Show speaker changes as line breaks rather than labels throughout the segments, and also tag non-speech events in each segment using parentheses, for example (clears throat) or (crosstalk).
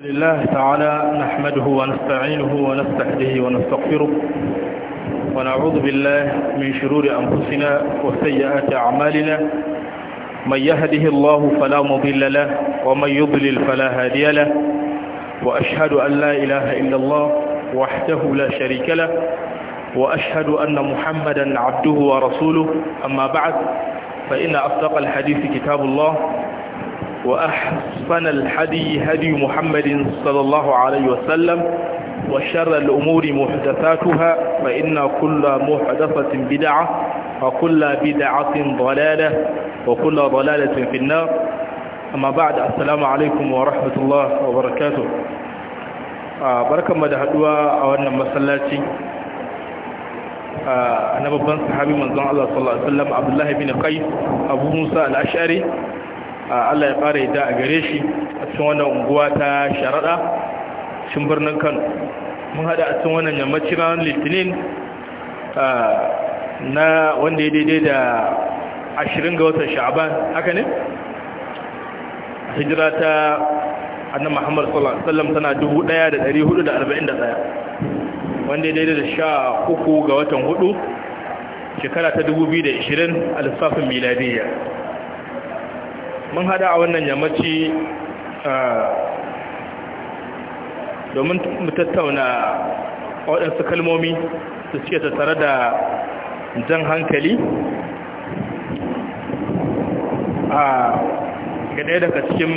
لله تعالى نحمده ونستعينه ونستهديه ونستغفره ونعوذ بالله من شرور أنفسنا وسيئات أعمالنا من يهده الله فلا مضل له ومن يضلل فلا هادي له وأشهد أن لا إله إلا الله وحده لا شريك له وأشهد أن محمدا عبده ورسوله أما بعد فإن أصدق الحديث كتاب الله وأحسن الحدي هدي محمد صلى الله عليه وسلم وشر الأمور محدثاتها فإن كل محدثة بدعة وكل بدعة ضلالة وكل ضلالة في النار أما بعد السلام عليكم ورحمة الله وبركاته آه، بركة مدهدوا أولنا مسلاتي آه، أنا ببن صحابي من الله صلى الله عليه وسلم عبد الله بن قيس أبو موسى الأشعري Allah ya fara yadda a gare shi a cikin wannan unguwa ta sharaɗa cikin birnin Kano mun hada a cikin wannan yammacin ranar Litinin na wanda ya daidai da 20 ga watan Sha'aban haka ne hijira ta annabi Muhammad sallallahu alaihi wasallam tana 1441 wanda ya daidai da 13 ga watan 4 shekara ta 2020 a lissafin miladiyya mun hada a wannan yammaci domin mu tattauna waɗansu kalmomi su suke tattare da jan hankali a ga ɗaya daga cikin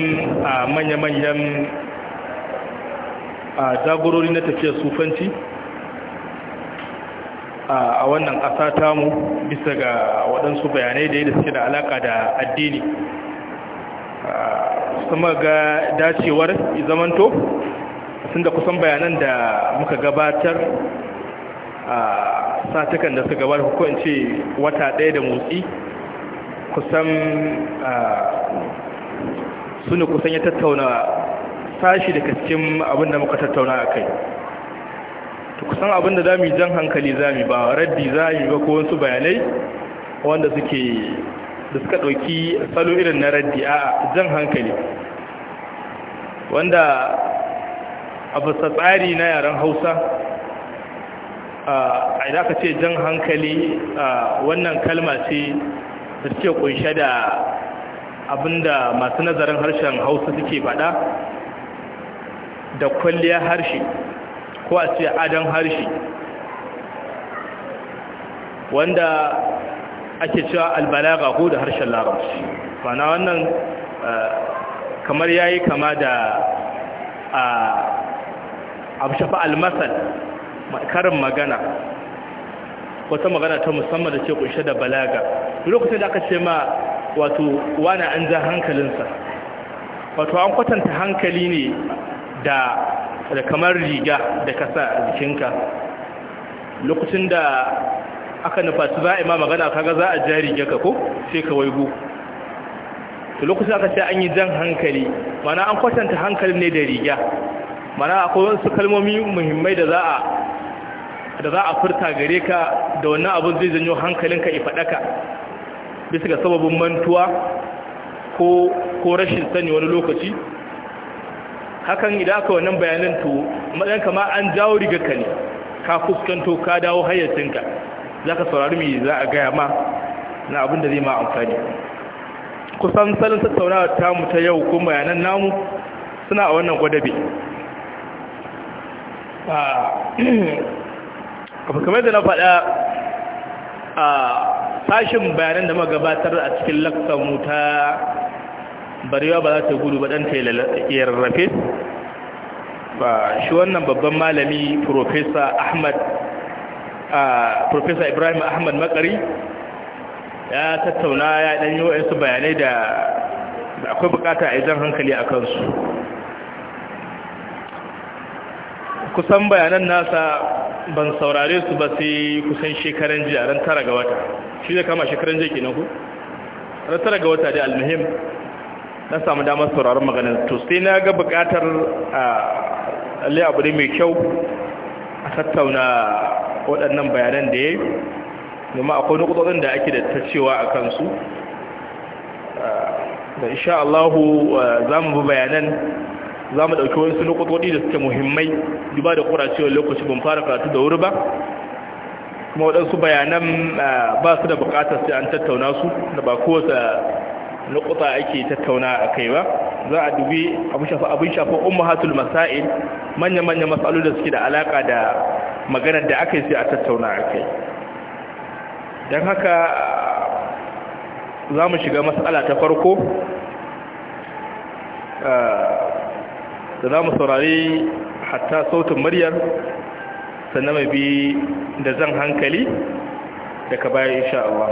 manya-manyan jagorori na tafiyar sufanci a wannan ƙasa tamu bisa ga waɗansu bayanai da yadda suke da alaƙa da addini kuma ga dacewar zamanto sun da kusan bayanan da muka gabatar a satukan da suka gabatar hukunci wata ɗaya da motsi kusan suna kusan ya tattauna sashi daga cikin abin da muka tattauna a kai kusan abin da za mu yi jan hankali za mu ba raddi za mu ba ko wasu bayanai wanda suke da suka ɗauki salo irin na raddi a jan hankali wanda a fasa tsari na yaren hausa a idan aka ce jan hankali wannan kalma ce da suke kunshe da abinda masu nazarin harshen hausa suke faɗa da kwalliyar harshe ko a ce adon harshe wanda ake cewa albalaga ko da harshen larabci mana wannan eh, kamar ya yi kama da abushafa shafa almasal karin magana wata magana ta musamman da ce kunshe da balaga lokacin da aka ce ma wato wani an ja hankalinsa wato an kwatanta hankali ne da kamar riga da kasa a jikinka lokacin da aka su za a yi ma magana kaga za a jari ka ko sai ka waigo to lokacin aka ce an yi jan hankali mana an kwatanta hankali ne da riga mana akwai wasu kalmomi muhimmai da za a da za furta gare ka da wannan abin zai janyo hankalinka ya faɗaka bisa ga sababin mantuwa ko ko rashin sani wani lokaci hakan idan aka wannan bayanan to madan kama an jawo riga ka ne ka fuskanto ka dawo hayyacinka za ka saurari mai za a gaya ma na abin da zai ma amfani kusan salin tattaunawa tamu ta yau kuma bayanan namu suna a wannan gwadabe ah, (clears throat) kamar da na faɗa a sashin bayanan da magabatar a cikin laksamu ta barewa ba za ta gudu ba dan ta yi rarrafe ba shi wannan babban malami profesa ahmad A professor ibrahim ahmad makari ya tattauna ya yi wa'insu bayanai da akwai bukata a idan hankali a kansu kusan bayanan nasa ban saurare su ba sai kusan shekaran jiya ran tara ga wata shi zai kama shekaran jiya na ku ran tara ga wata dai almuhim na samu damar sauraron maganin to sai na ga bukatar a abu ne mai kyau a tattauna waɗannan bayanan da ya yi domin akwai nukudodin da ake da ta cewa a kansu da insha Allah za mu bi bayanan za mu ɗauki wasu nukudodi da suke muhimmai duba da kuracewar lokaci ban fara karatu da wuri ba kuma waɗansu bayanan ba su da buƙatar sai an tattauna su da ba kowace nukuta ake tattauna a kai ba za a dubi abin shafa ummahatul masail manya-manya matsaloli da suke da alaka da maganar da aka yi sai a tattauna a kai don haka za mu shiga matsala ta farko eh, da za mu saurari hatta sautin muryar sannan mai bi da zan hankali daga baya insha Allah.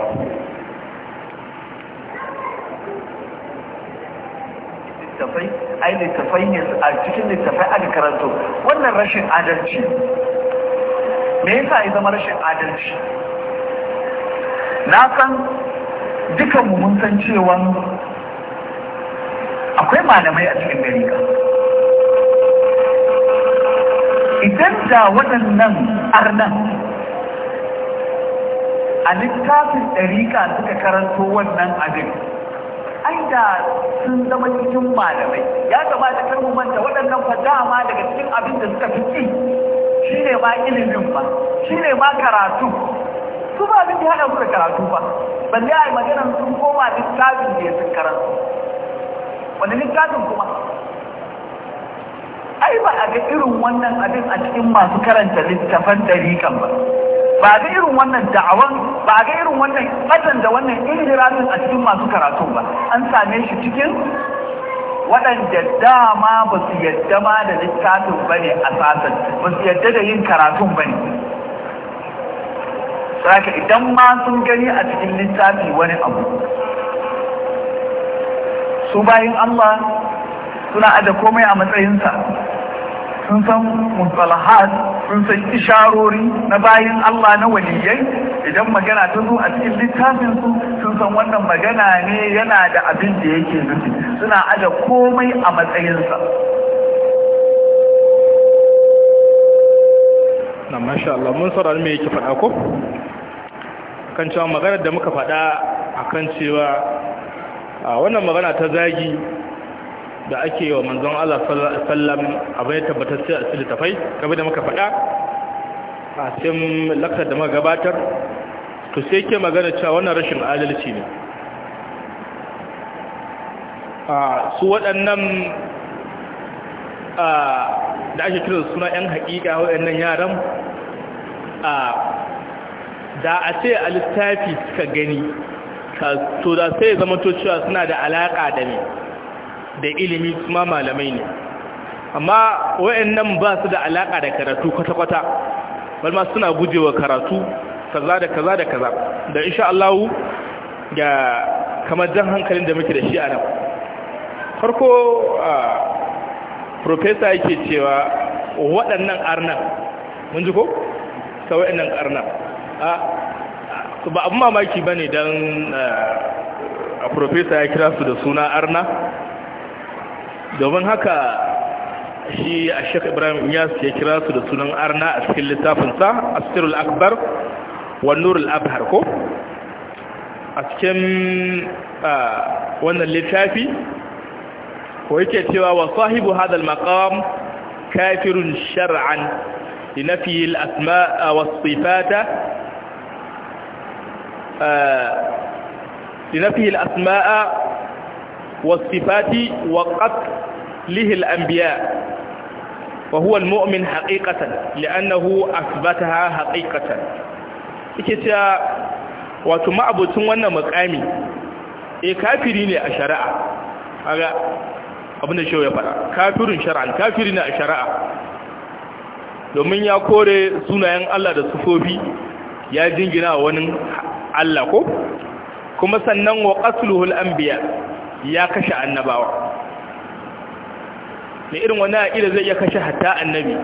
littafai ai littattafai ne a cikin littafai aka karanto wannan rashin adalci me yasa ya zama rashin adalci na san dukkan mun san cewa akwai malamai a cikin dariƙa idan da waɗannan arnan a littafin dariƙa suka karanto wannan abin ai sun zama cikin malamai ya kamata kar mu manta waɗannan fa dama daga cikin abin da suka fi ci shine ma ilimin ba shine ma karatu su ba abin da hada su da karatu ba balle ai maganan sun koma littafin da ya sun karanta wani littafin kuma ai ba a ga irin wannan abin a cikin masu karanta littafan kan ba ba ga irin wannan da'awan ba ga irin wannan fatan da wannan injiramin a cikin masu karatu ba an same shi cikin waɗanda dama ba su yadda ma da littafin ba ne a sasan ba su yadda da yin karatun ba ne saka idan ma sun gani a cikin littafi wani abu su bayan Allah suna aje komai a matsayinsa sun san musalahat sun san isharori na bayan Allah na waliyai idan magana ta zo a cikin littafin su sun san wannan magana ne yana da abin da yake nufi suna aje komai a matsayinsa
na masha Allah mun saurari me yake faɗa ko kan cewa maganar da muka faɗa akan cewa a wannan magana ta zagi da ake wa manzon Allah sallam bai tabbatar sai a cikin tafai kamar da muka faɗa a cikin lakar da muka gabatar to sai ke magana cewa wannan rashin adalci ne a su waɗannan a da ake kira suna ƴan haƙiƙa waɗannan yaran a da a ce a littafi suka gani to da sai zama to cewa suna da alaƙa da ne da ilimi ma malamai ne amma wayannan ba su da alaka da karatu kwata-kwata balma suna gujewa karatu kaza da kaza da kaza da insha Allah ga kamar jan hankalin da muke da shi a nan farko profesa yake cewa waɗannan arnan mun ji ko? ta waɗannan arnan ba abin mamaki ba ne don a profesa ya kira su da suna arna domin haka shi a shek ibrahim yas ya kira su da sunan arna a cikin littafinsa a cikin akbar wa nurul abhar ko a cikin wannan littafi ko yake cewa wa sahibu hadal maqam kafirun shar'an لنفي الأسماء والصفات لنفي الأسماء والصفات وقتله الأنبياء وهو المؤمن حقيقة لأنه أثبتها حقيقة إكتا وتما أبوتن وانا مقامي إكافرين لأشراء هذا abin da shewa ya fara kafirin shara'an kafiri na shara'a domin ya kore sunayen Allah da sufofi ya jingina wani Allah ko kuma sannan wa qasluhul anbiya ya kashe annabawa ne irin wani ƙira zai iya kashe hatta annabi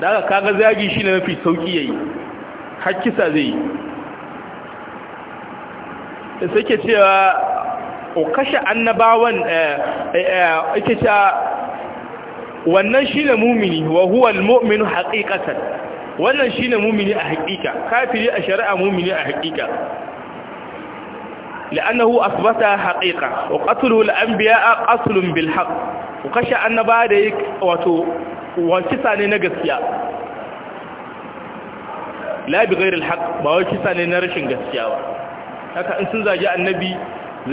da aka kaga zagi shi ne mafi sauƙi ya yi hakkisa zai yi da suke cewa o kashe annabawan eh, eh, eh, ake cewa wannan shi ne mumini wa huwa al-mu'minu wannan shi ne mumini a haƙiƙa kafiri a shari'a mumini a haƙiƙa لأنه أثبت حقيقة وقتله الأنبياء قتل بالحق وخشى أن بعدك وانكساني نقسيا لا بغير الحق وانكساني نرشن قسيا haka in sun zagi annabi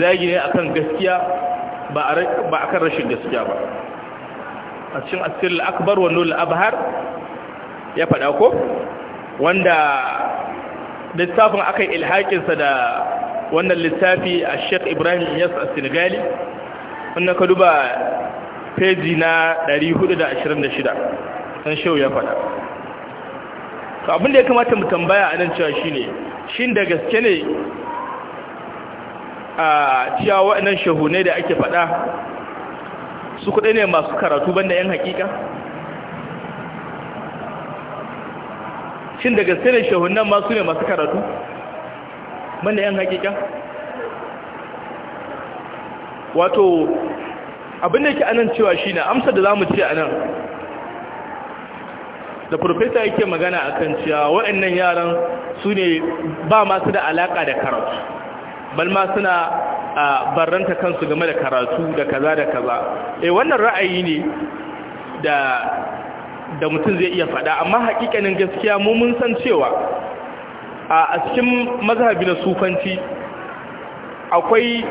zagi ne akan gaskiya ba akan rashin gaskiya ba a cikin asirul akbar wa nul ya faɗa ko wanda littafin akan ilhakinsa da wannan littafi a sheikh ibrahim yas a senegali wannan ka duba peji na 426 san shehu ya faɗa to abinda ya kamata mu tambaya a nan cewa shine shin da gaske ne a cewa waɗannan ne da ake faɗa su kuɗai ne masu karatu banda 'yan hakika shin da gaske ne nan masu ne masu karatu da yan hakika wato abin da yake anan cewa shine amsar da zamu ci anan da profesa yake magana akan cewa waɗannan yaran su ne ba masu da alaka da karatu bal ma suna barranta kansu game da karatu da kaza da kaza eh wannan ra'ayi ne da mutum zai iya faɗa amma hakikanin gaskiya mu mun san cewa a cikin mazhabi na sufanci akwai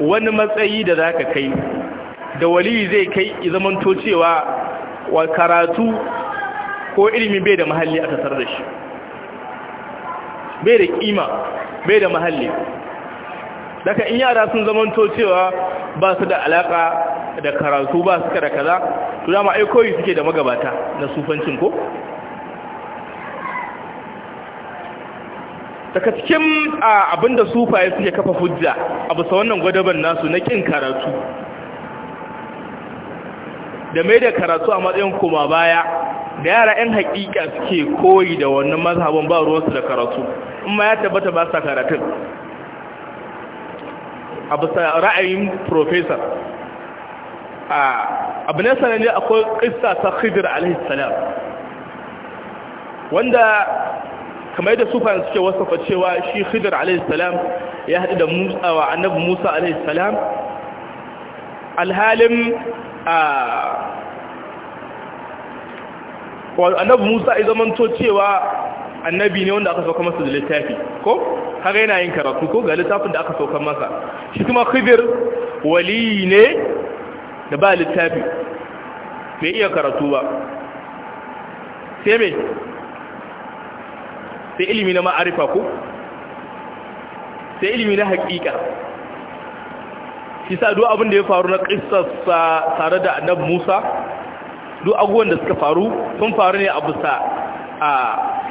wani matsayi da za ka kai da waliyu zai kai zamanto cewa wa karatu ko ilimin bai da mahalli a tasar da shi bai da kima bai da mahalli daga in yara sun zamanto cewa ba su da alaka da karatu ba su da kaza to dama aikoyi suke da magabata na sufancin ko daga cikin abinda sufaye suke kafa hujja a bisa wannan gwadaban nasu na kin karatu da mai da karatu a matsayin koma baya da yara 'yan hakika suke koyi da wannan mazhabin ba ruwansu da karatu in ma ya tabbata ba sa karatun a bisa ra'ayin professor abu ne akwai ƙisa ta khidir alaihissalam wanda kamar yadda sufan suke wasafa cewa shi khidr alaihi salam ya haɗu da musa wa annabi musa alaihi salam alhalin annabi musa ya zamanto cewa annabi ne wanda aka sauka masa da littafi ko har yana yin karatu ko ga littafin da aka sauka masa shi kuma khidr wali ne da ba littafi mai iya karatu ba sai mai sai ilimi na ma'arifa ko sai ilimi na haƙiƙa shi sa duk abin da ya faru na ƙistarsa tare da annab musa duk abubuwan da suka faru sun faru ne a busa? a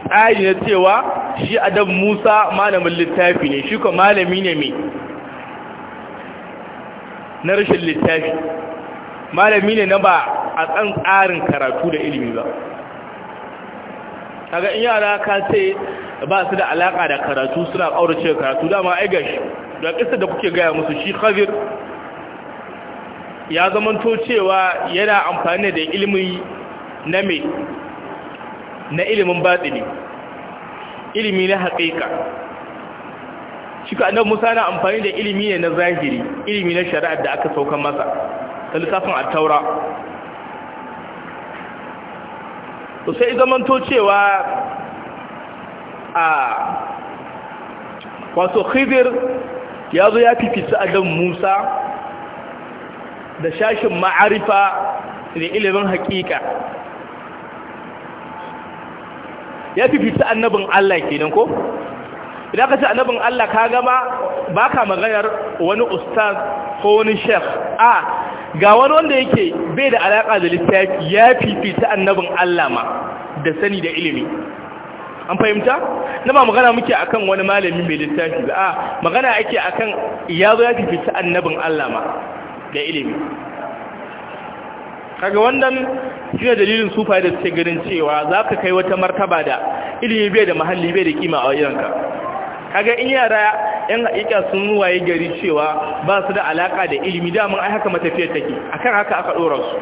tsari na cewa shi Adab musa malamin littafi ne shi ko malami ne mai na rashin littafi malami ne na ba a tsan tsarin karatu da ilimi ba kaga in yara ka ce ba su da alaka da karatu suna kaurace karatu dama ai gashi da kisa da kuke gaya musu shi khadir ya zamanto cewa yana amfani da ilimi na me na ilimin batini ilimi na haqiqa shi ka annabi Musa na amfani da ilimi ne na zahiri ilimi na shari'ar da aka sauka masa ta littafin at-taura to sai to cewa a wato khidir ya zo ya fifita adam musa da shashin ma'arifa da ilimin hakika ya fifita annabin allah kenan ko idan ka ce annabin Allah ka gama ba ka maganar wani ustaz ko wani shek a ga wani wanda yake bai da alaƙa da littafi ya fifita annabin Allah ma da sani da ilimi an fahimta na ba magana muke akan wani malami mai littafi ba a magana ake akan ya zo ya fifita annabin Allah ma da ilimi kaga wannan shi ne dalilin sufa da suke ganin cewa za ka kai wata martaba da ilimi bai da mahalli bai da kima a wajenka kaga in yara yan haƙiƙa sun waye gari cewa ba su da alaƙa da ilimi damun ai haka matafiyar take akan haka aka ɗora su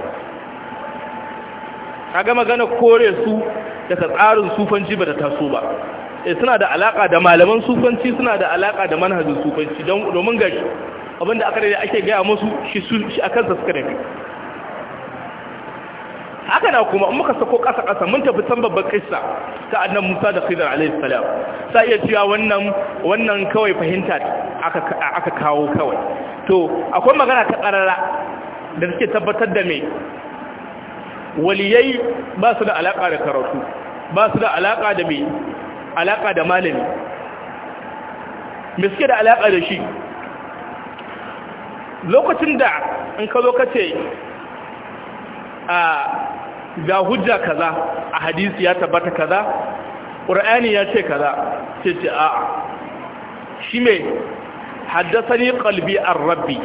kaga magana kore su daga tsarin sufanci ba ta taso ba eh, suna da alaƙa da malaman sufanci suna da alaƙa da manhajin sufanci domin gari abinda aka da ake gaya musu shi a kansa suka dafi haka na kuma in muka sako ƙasa ƙasa mun tafi san babban kissa ta annan Musa da Khidir alaihi salam sai iya cewa wannan wannan kawai fahimta aka aka kawo kawai to akwai magana ta ƙarara da take tabbatar da me waliyai ba su da alaka da karatu ba su da alaka da me alaka da malami me suke da alaka da shi lokacin da in ka zo ka ce a ah, ga hujja kaza a hadisi ya tabbata kaza qur'ani ya ce kaza sai ce a'a shi me haddathani qalbi ar-rabbi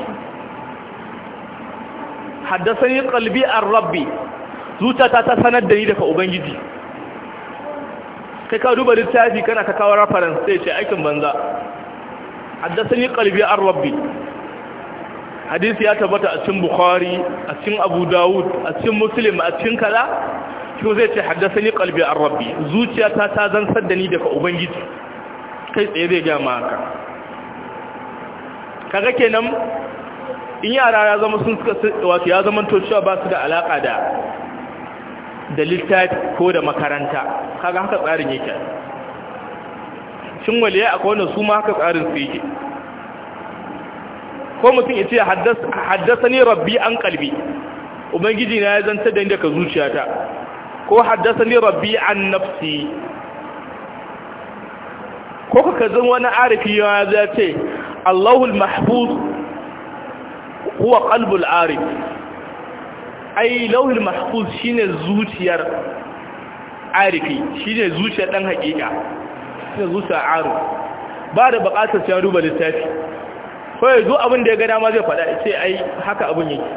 haddathani qalbi ar-rabbi zuciyata ta sanar da ni daga ubangiji kai ka duba littafi kana ka kawo reference sai ce aikin banza haddathani qalbi ar-rabbi hadisi ya tabbata a cikin bukhari a cikin abu dawud a cikin muslim a cikin kala ko zai ce haddasa ni kalbi an rabbi zuciyata ta zansar da ni daga ubangiji kai tsaye zai ga ma haka kaga kenan in yara ya zama sun suka wato ya zama cewa ba su da alaka da da littafi ko da makaranta kaga haka tsarin yake shin waliya akwai wanda su ma haka tsarin su yake ko mutum ya ce haddasa ni rabbi an kalbi ubangiji na ya zanta da daga zuciyata ko haddasa ni rabbi an nafsi ko ka kazan wani arifi ya zai ce allahul mahfuz kuwa kalbul arif ai lauhul shi shine zuciyar arifi shine zuciyar dan hakika shine zuciyar aru ba da bukatar sai ruba littafi kawai zuwa abin da ya gada ma zai fada ce ai haka abin yake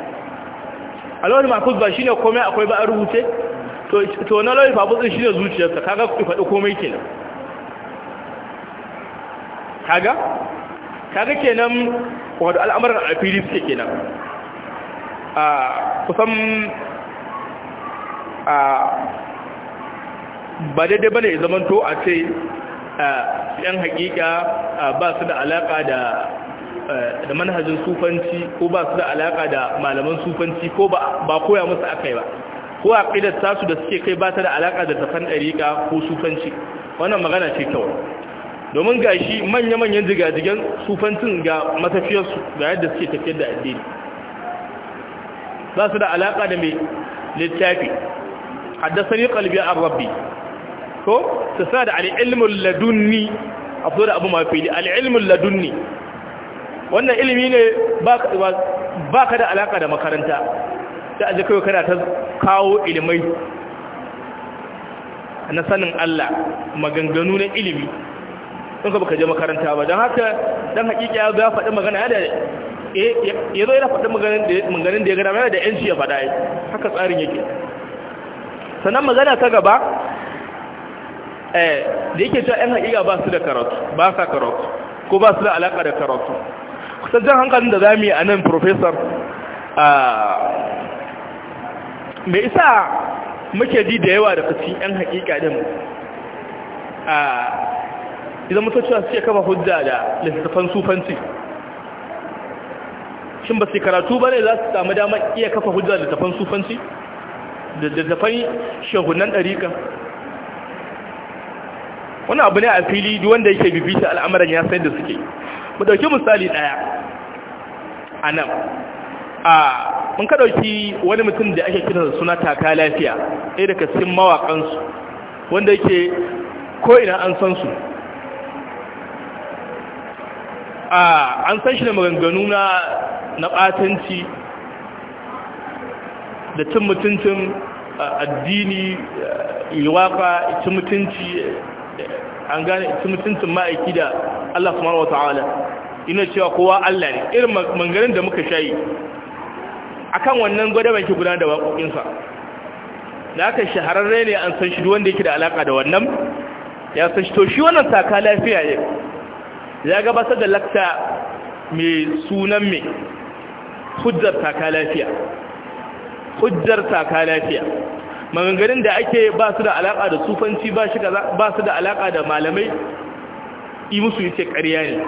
alawar makus ba shine komai akwai ba a rubuce to na lawar shi shine zuciyarsa kaga ku faɗi komai kenan kaga kaga kenan wadda al'amuran a fili suke kenan a kusan a ba daidai ba ya zamanto a ce yan hakika ba su da alaka da Eh, da manhajin sufanci ko ba su da alaka da malaman sufanci ko ba koya musu akai ba ko a ƙidar tasu da suke kai ba ta da alaka da tafan ɗariƙa ko sufanci wannan magana ce kawai domin ga shi manya-manyan jigajigen sufancin ga matafiyarsu ga yadda suke tafiyar da addini ba su da alaka da mai littafi haddasani kalbi a rabbi ko su sa da al'ilmul ladunni a fito da abu mafi al'ilmul ladunni wannan ilimi ne ba ka da alaka da makaranta da aji kawai kana ta kawo ilimai na sanin Allah maganganu na ilimi sun ka baka je makaranta ba don haka don hakiki ya ga faɗi magana da ya zo yana faɗi maganin da ya gada da yanci ya faɗa haka tsarin yake sannan magana ta gaba eh, da yake cewa 'yan haƙiƙa ba su da karatu ba sa karatu ko ba su da alaƙa da karatu kusan hankalin da za mu yi a nan professor me isa muke ji da yawa da cikin 'yan hakika din a idan mutuwa suke kafa hujja da littattafan sufanci shi ba su karatu ba ne za su samu damar iya kafa hujja da littattafan sufanci da littattafan shagunan ɗarika wani abu ne a fili duk wanda yake bibisa al'amuran ya sayar da suke mu dauki misali daya a nan a mun ka dauki wani mutum da ake kira da suna taka lafiya ɗaya daga cikin mawaƙansu wanda yake ko ina an san su a an san shi da maganganu na na ɓatanci da cin mutuncin addini liwafa cin mutunci an gane mutuncin ma'aiki da Allah wa ta'ala ina cewa kowa Allah ne irin mangarin da muka shayi akan wannan gwada banki gudanar da waƙoƙinsa da aka shahararre ne an san shi wanda yake da alaƙa da wannan ya san shi to shi wannan saka lafiya ne ya gabatar da lakta mai sunan mai hujjar lafiya hujjar taka lafiya maganganun da ake ba su da alaka da sufanci ba shi ba su da alaka da malamai yi musu yace ƙarya ne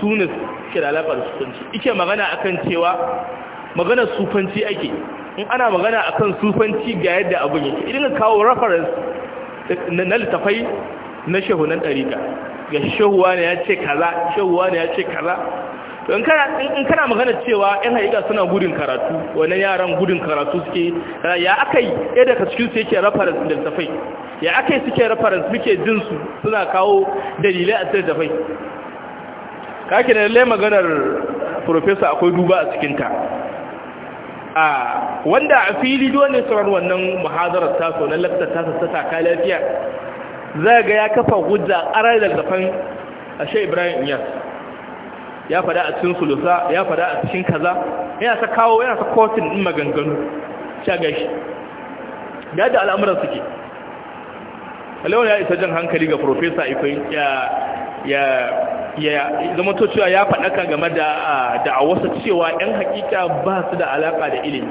sunis shi da alaka da sufanci ike magana akan cewa magana sufanci ake in ana magana akan sufanci ga yadda abun yake idan ka kawo reference na littafai na nan ɗarika ga shehuwa ne ya ce kaza shehuwa ne ya ce kaza in kana magana cewa yan haƙiƙa suna gudun karatu wani yaran gudun karatu suke eh, ya aka yi ɗaya daga cikin su yake reference da tafai ya aka yi suke reference muke jin su suna kawo dalilai a cikin tafai kake da lalle maganar professor akwai duba a cikinta a wanda a fili dole sauran wannan muhazarar taso na laktar sassa ta taka lafiya za ga ya kafa hujja ƙarar da a ashe ibrahim iyas ya fada a cikin sulusa ya fada a cikin kaza yana ta kawo yana ta kotin din maganganu sha gashi da yadda al'amuran suke alawar ya isa jan hankali ga profesa ifai ya ya ya zama to cewa ya faɗaka game da a wasu cewa 'yan hakika ba su da alaƙa da ilimi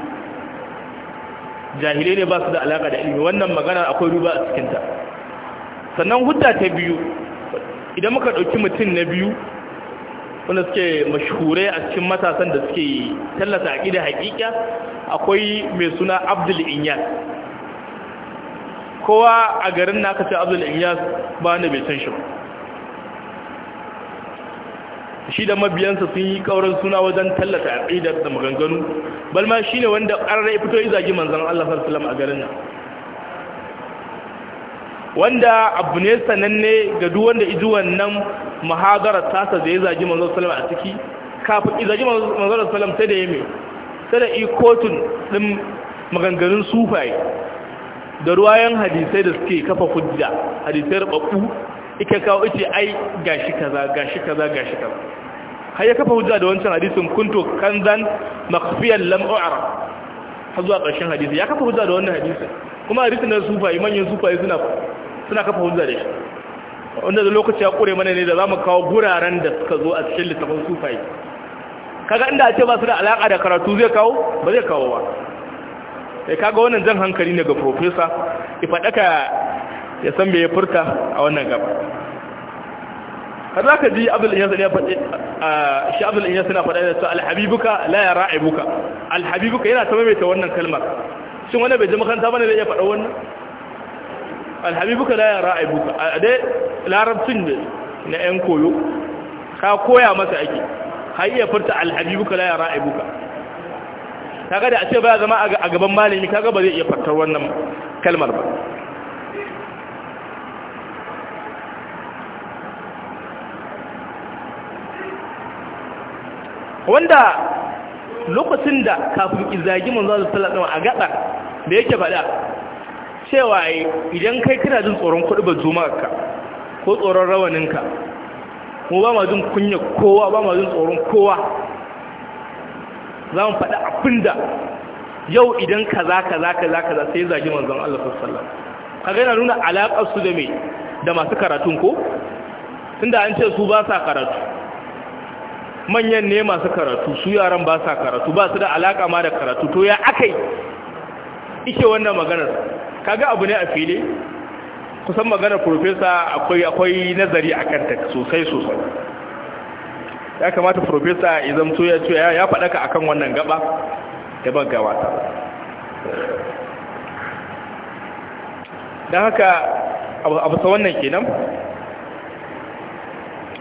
jahilai ne ba su da alaƙa da ilimi wannan magana akwai ruba a cikinta sannan hudda ta biyu idan muka ɗauki mutum na biyu wanda suke mashhure a cikin matasan da suke tallata a gida haƙiƙa akwai mai suna Abdul Inyas kowa a garin na ce Abdul Inyas ba ni bai san shi ba shi da mabiyansa sun yi kauran suna wajen tallata a ƙidar da maganganu balma shi ne wanda an rai fito izagi zagi Allah sallallahu alaihi a garin nan wanda abu ne sananne ga duk wanda iji wannan muhadarar tasa zai ya zagi manzo salama a ciki kafin izaji manzo salama sai da ya mai sai da ikotun din maganganun sufaye da ruwayan hadisai da suke kafa hujja hadisai rubabbu ike kawo ice ai gashi kaza gashi kaza gashi kaza har ya kafa hujja da wancan hadisin kuntu kanzan makhfiyan lam u'ra har zuwa ƙarshen hadisi ya kafa hujja da wannan hadisin kuma hadisin da sufaye manyan sufaye suna suna kafa hujja da shi wanda da lokaci ya kure mana ne da za mu kawo guraren da suka zo a cikin littafin sufai kaga inda a ce ba su da alaka da karatu zai kawo ba zai kawo ba sai eh, kaga wannan jan hankali ne ga profesa Ifaɗaka ya san me ya furta a wannan gaba kaza ka ji abdul inyas ne ya faɗi shi abdul inyas na faɗa da su alhabibuka la ya ra'ibuka alhabibuka yana ta maimaita wannan kalmar shin wani bai ji makaranta bane zai iya faɗa wannan alhabibuka la ya ra'ibuka a dai larabcin na yan koyo ka koya masa ake har iya furta alhabibuka la ya ra'ibuka kaga da a ce ba zama a gaban malami kaga ba zai iya fartar wannan kalmar ba wanda lokacin da kafin izagi manzo sallallahu alaihi wasallam a gaɗa da yake faɗa cewa eh, idan kai kana jin tsoron ba kuɗubar ka, ko tsoron rawaninka mu ba ma jin kunya kowa ba ma jin tsoron kowa za mu faɗi abinda yau idan kaza kaza kaza za sai zagi manzan Allah sallallahu Ka yana nuna alaƙar su da mai da masu karatun ko tunda an ce su ba sa karatu manyan ne masu karatu su yaran ba sa karatu ba su da alaƙa ma da karatu to ya aka yi ike wannan maganar kaga abu ne a fili kusan maganar profesa akwai akwai nazari a kanta sosai sosai ya kamata profesa ya zamto ya ce ya faɗaka akan wannan gaba ya ban gawa ta don haka abu sa wannan kenan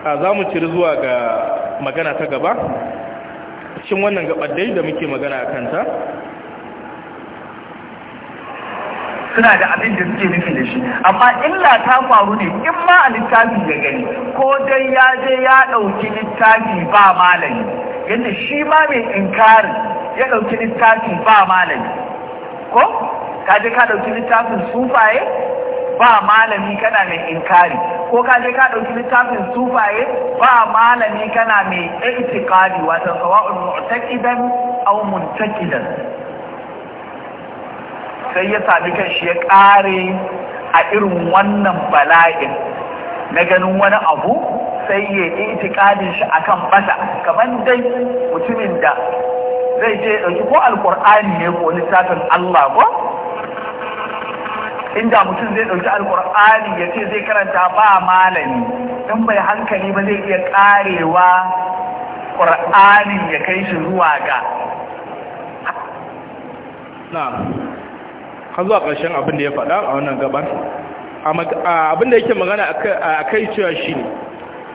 a za mu ciri zuwa ga magana ta gaba cikin wannan gaba dai da muke magana a kanta
suna da abin da suke nufi da shi amma illa ta faru ne in ma a littafi ya gani ko dai ya je ya ɗauki littafi ba malami yadda shi ma mai inkari ya ɗauki littafi ba malami ko ka je ka ɗauki littafin sufaye ba malami kana mai inkari ko ka je ka ɗauki littafin sufaye ba malami kana mai itikadi wato sawa'un mu'taqidan aw muntaqidan sai ya sami shi ya ƙare a irin wannan bala'in na ganin wani abu sai ya itikadin shi akan bata kamar dai mutumin da zai je ɗauki ko alkur'ani ne ko littafin Allah ko inda mutum zai ɗauki alkur'ani ya ce zai karanta ba malami in bai hankali ba zai iya ƙarewa ƙur'anin ya kai shi zuwa ga
har zuwa ƙarshen abin da ya faɗa a wannan gabar abin da yake magana a kai cewa shi ne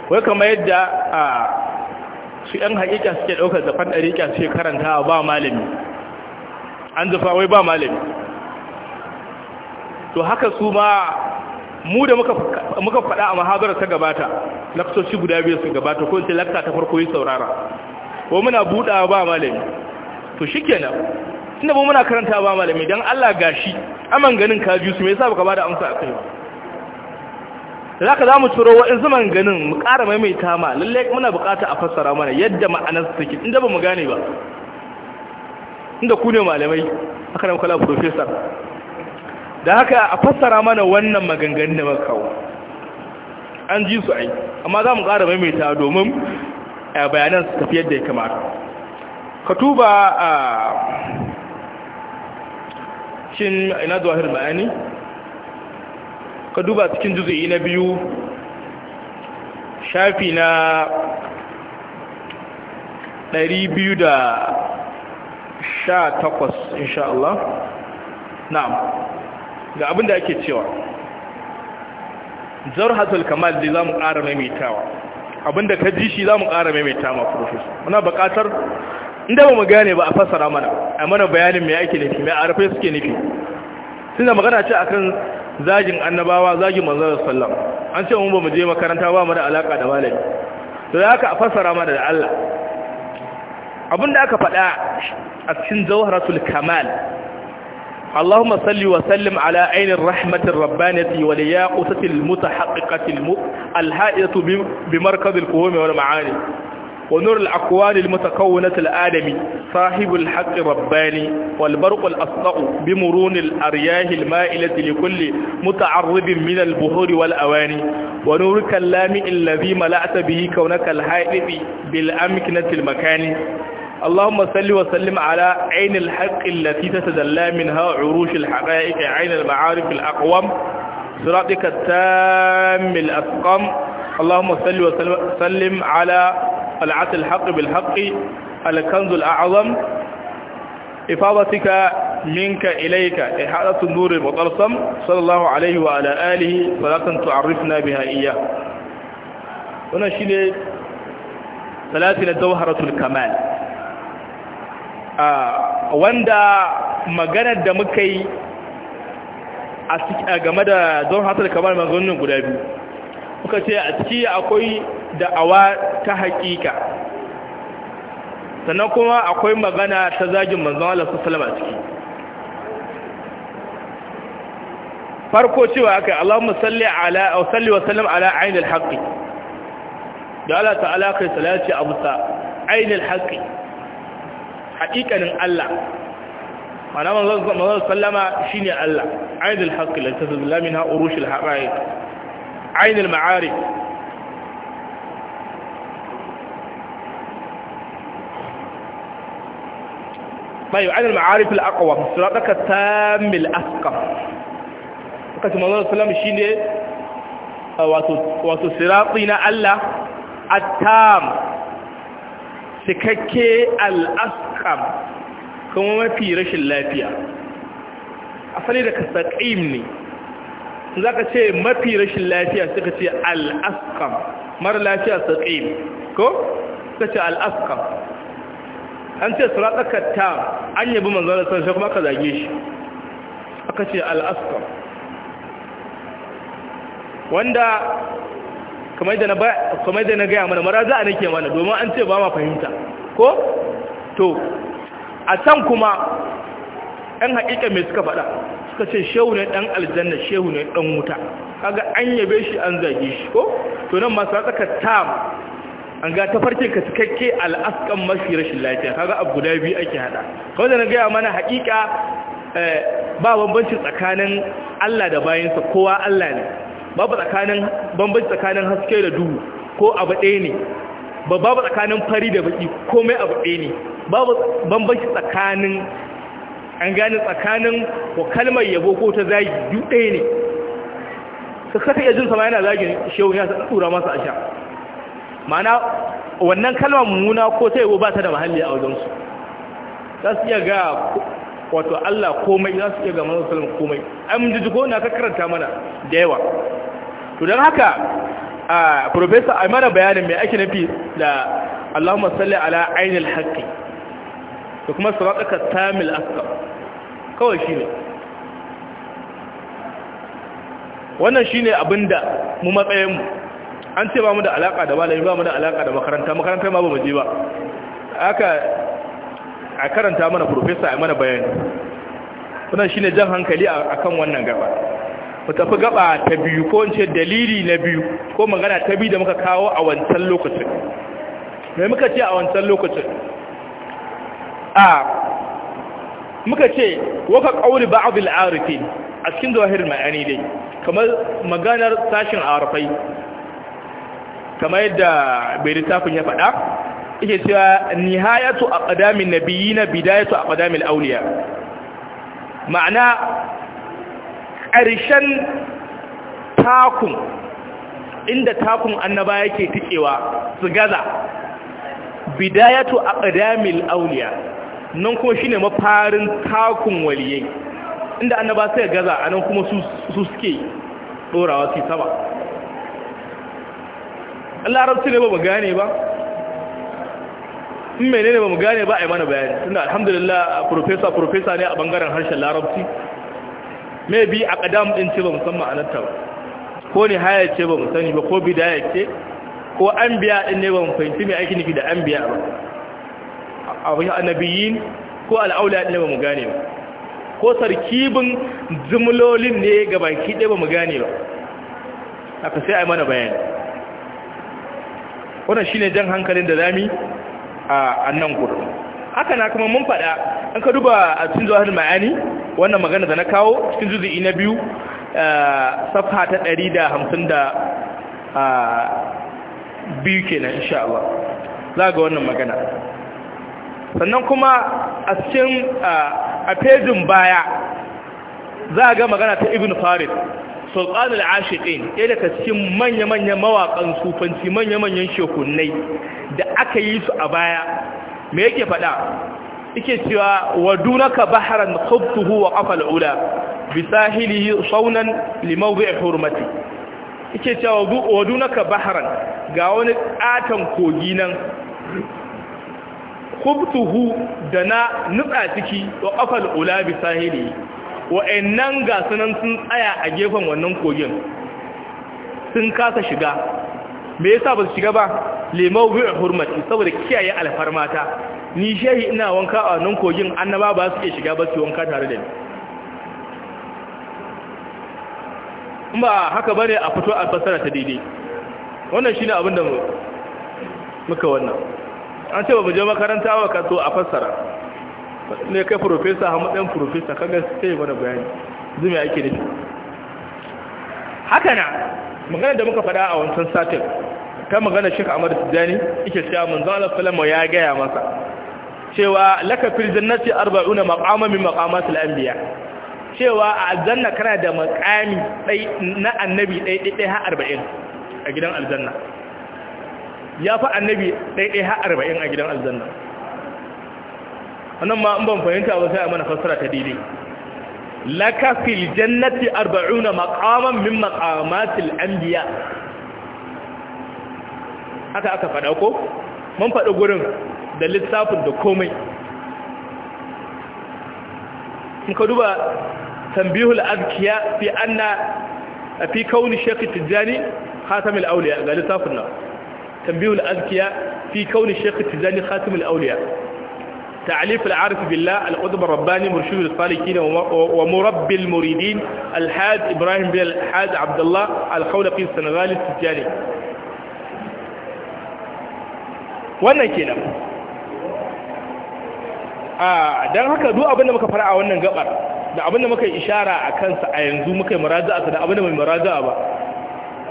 wai kama yadda su 'yan haƙiƙa suke ɗaukar zafan ɗariƙa suke karanta ba malami an zafa wai ba malami to haka su ma mu da muka faɗa a mahazarar ta gabata laktoci guda biyu su gabata ko ce lakta ta farko yi saurara ko muna buɗa ba malami to shi kenan tunda ba muna karanta ba malami dan Allah gashi aman ganin ka ji su me yasa baka bada amsa akai ba zaka zamu turo wa zaman ganin mu ƙara maimaita ma lalle muna bukata a fassara mana yadda ma'anar su take inda ba mu gane ba inda ku ne malamai aka nan kala professor da haka a fassara mana wannan maganganun da muka kawo an ji su ai amma za mu ƙara maimaita domin eh, bayanan su tafi yadda ya kamata ka tuba ah, cikin ina zuwahir bayani ka duba cikin juzu'i na biyu shafi na 218 insha Allah na'am ga abin da ake cewa zarhatul kamal za zamu ƙara maimaitawa abin da ka ji shi zamu ƙara maimaitawa ma professor muna buƙatar inda ba mu gane ba a fassara mana a mana bayanin mai ake nufi mai arafai suke nufi sun da magana ce akan zagin annabawa zagin manzon sallam an ce mun ba mu je makaranta ba mu da alaka da malami to da aka a fassara mana da Allah abinda aka faɗa a cikin jawharatul kamal اللهم صل وسلم على عين الرحمة الربانية والياقوتة المتحققة الهائلة بمركز القوم والمعاني ونور الأقوال المتكونة الآدمي صاحب الحق رباني والبرق الأصدق بمرون الأرياه المائلة لكل متعرض من البهور والأواني ونور كلام الذي ملأت به كونك الحائف بالأمكنة المكاني اللهم صل وسلم على عين الحق التي تتدلى منها عروش الحقائق عين المعارف الأقوم صراطك التام الأسقم اللهم صل وسلم على طلعت الحق بالحق الكنز الأعظم إفاضتك منك إليك إحالة النور المطلسم صلى الله عليه وعلى آله صلاة تعرفنا بها إياه هنا شيء ثلاثين دوهرة الكمال wanda maganar da muka yi a game da don hatar kamar maganin guda biyu muka ce a ciki akwai da'awa ta hakika sannan kuma akwai magana ta zagin manzon Allah sallallahu alaihi ciki farko cewa aka Allahumma salli ala aw salli wa sallim ala ainil haqqi da Allah ta'ala kai salati abu sa ainil haqqi hakikanin Allah mana manzon sallama shine Allah ainil haqqi la tazlamu minha urushil haqaiq ainul ma'arif mai ainul ma'arif al-aqwa sirataka tamil asqa kace manzo sallallahu alaihi shine wasu wato na Allah at-tam sikakke al kuma mafi rashin lafiya asali da kasaqim ne za ka ce mafi rashin lafiya suka ce al'askam mara lafiya saƙin ko suka ce al'askam an ce sura tsakatta an yabi da sarshe kuma aka zage shi aka ce al'askam wanda kamar da na gaya mana mara za a nake mana domin an ce ba ma fahimta ko to a can kuma ‘yan haƙiƙa mai suka faɗa suka ce shehu ne dan aljanna shehu ne dan wuta kaga an yabe shi an zage shi ko to nan masu tsaka tab an ga tafarkin ka cikakke al'askan mafi rashin lafiya kaga abu guda biyu ake hada kawai da na gaya mana haƙiƙa eh, ba bambanci tsakanin Allah da bayansa kowa Allah ne babu tsakanin bambanci tsakanin haske da duhu ko abu ɗaya ne babu tsakanin fari da baki komai abu ɗaya ne babu bambanci tsakanin an gane tsakanin ko kalmar yabo ko ta zagi duk ɗaya ne su kasa iya jinsa ma yana zagin shehu ya tsura masa a ma'ana wannan kalmar mummuna ko ta yabo ba ta da mahalli a wajensu za su iya ga wato Allah komai za su iya ga manzon sallam komai An mun jijiko na ka karanta mana da yawa to dan haka a professor ai mana bayanin me ake nufi da Allahumma salli ala ainil haqqi da kuma sarakaka tamil askar kawai shi ne wannan shi ne mu matsayin mu an ce ba mu da alaƙa da malami ba mu da alaƙa da makaranta makaranta ma ba mu je ba aka a karanta mana profesa a mana bayani wannan shi ne jan hankali a kan wannan gaba mu tafi gaba ta biyu ko ce dalili na biyu ko magana ta biyu da muka kawo a wancan lokacin Me muka ce a wancan lokacin a muka ce waka ƙauri ba abu al'arifi a cikin zawahir ma'ani dai kamar maganar sashin arafai kamar yadda bai littafin ya faɗa yake cewa nihayatu a ƙadamin nabiyina bidayatu a ƙadamin auliya ma'ana ƙarshen takun inda takun annaba yake tikewa su gaza bidayatu a ƙadamin auliya nan kuma shine mafarin takun waliyai inda annaba sai gaza a nan kuma su suke ɗorawa su sama larabci ne ba mu gane ba in menene ba mu gane ba a yi mana bayani tunda alhamdulillah profesa profesa ne a bangaren harshen larabci mai bi a ƙadam ɗin ce ba musamman a natta ba ko ne haya ce ba mu sani ba ko bidaya ce ko an biya ɗin ne ba mu fahimci mai aiki nufi da an biya ba annabiyin ko al'aula ɗaya ba mu gane ba ko sarkibin jimlolin ne ga baki ɗaya ba mu gane ba aka sai a mana bayani wannan ne jan hankalin da zami a annan kudu haka na kuma mun faɗa an ka duba a cikin zuwa ma'ani wannan magana da na kawo cikin zuzi na biyu eh, safha ta ɗari da hamsin da ah, biyu kenan insha Allah za ga wannan magana sannan kuma a cikin a fejin baya za a ga magana ta ibn farid sultan al-ashiqin ya daga cikin manya-manyan mawakan sufanci manya-manyan shekunnai da aka yi su a baya me yake faɗa yake cewa wa dunaka baharan khubtuhu wa qafal ula bi sahilihi saunan li hurmati yake cewa wa dunaka baharan ga wani katon kogi nan kubtuhu da na nutsa ciki wa kafal ula bi sahili wa'annan ga sunan sun tsaya a gefen wannan kogin sun kasa shiga me yasa ba su shiga ba limau bi hurmati saboda kiyaye alfarmata ni shehi ina wanka a wannan kogin annaba ba su ke shiga ba su wanka tare da ni ba haka bane a fito a fasara ta daidai wannan shine abin da muka wannan an ce ba mu je makaranta ba ka a fassara ne kai profesa hamu ɗan profesa kaga sai mana bayani zume ake nufi haka na magana da muka faɗa a wancan satin ta magana shi ka amur jani ike cewa manzon Allah ma ya gaya masa cewa laka ce arba'u arba'una maqama min maqamatil anbiya cewa a aljanna kana da makami na annabi ɗai-ɗai-ɗai har arba'in a gidan aljanna ya fi annabi ɗaiɗai har arba'in a gidan aljanna wannan ma an ban fahimta ba sai a mana fassara ta daidai laka fil jannati arba'una maqaman min maqamatil anbiya haka aka faɗa ko mun faɗi gurin da lissafin da komai in ka duba tambihul azkiya fi anna fi kauni shekhi tijjani khatamul auliya ga lissafin nan تنبيه azkiya في كون الشيخ التزاني خاتم الأولياء تعليف العارف بالله القدب الرباني مرشد الصالحين ومرب المريدين الحاد إبراهيم بن الحاد عبد الله الخولة في السنغال السجاني wannan kenan a dan haka duk abin da muka fara a wannan gabar da abin da muka yi ishara a kansa a yanzu muka yi muraja'a da abin da mai muraja'a ba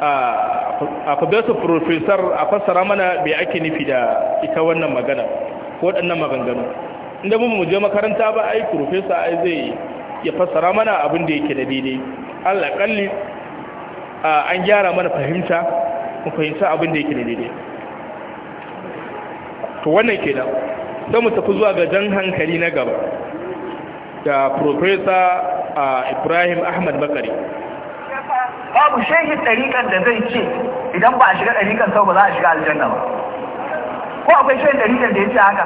a fadasu profesor a fassara mana bai ake nufi da ita wannan magana ko waɗannan maganganu inda mu je makaranta ba ai profesor ai zai ya fassara mana abin da yake da daidai alaƙalli an gyara mana fahimta mu fahimta abin da yake da daidai to wannan kenan sai mu tafi zuwa ga jan hankali na gaba da profesor ibrahim ahmad bakari
babu shehi ɗariƙar da zai ce idan ba a shiga ɗariƙar sau ba za a shiga aljanna ba ko akwai shehi ɗariƙar da ya ce haka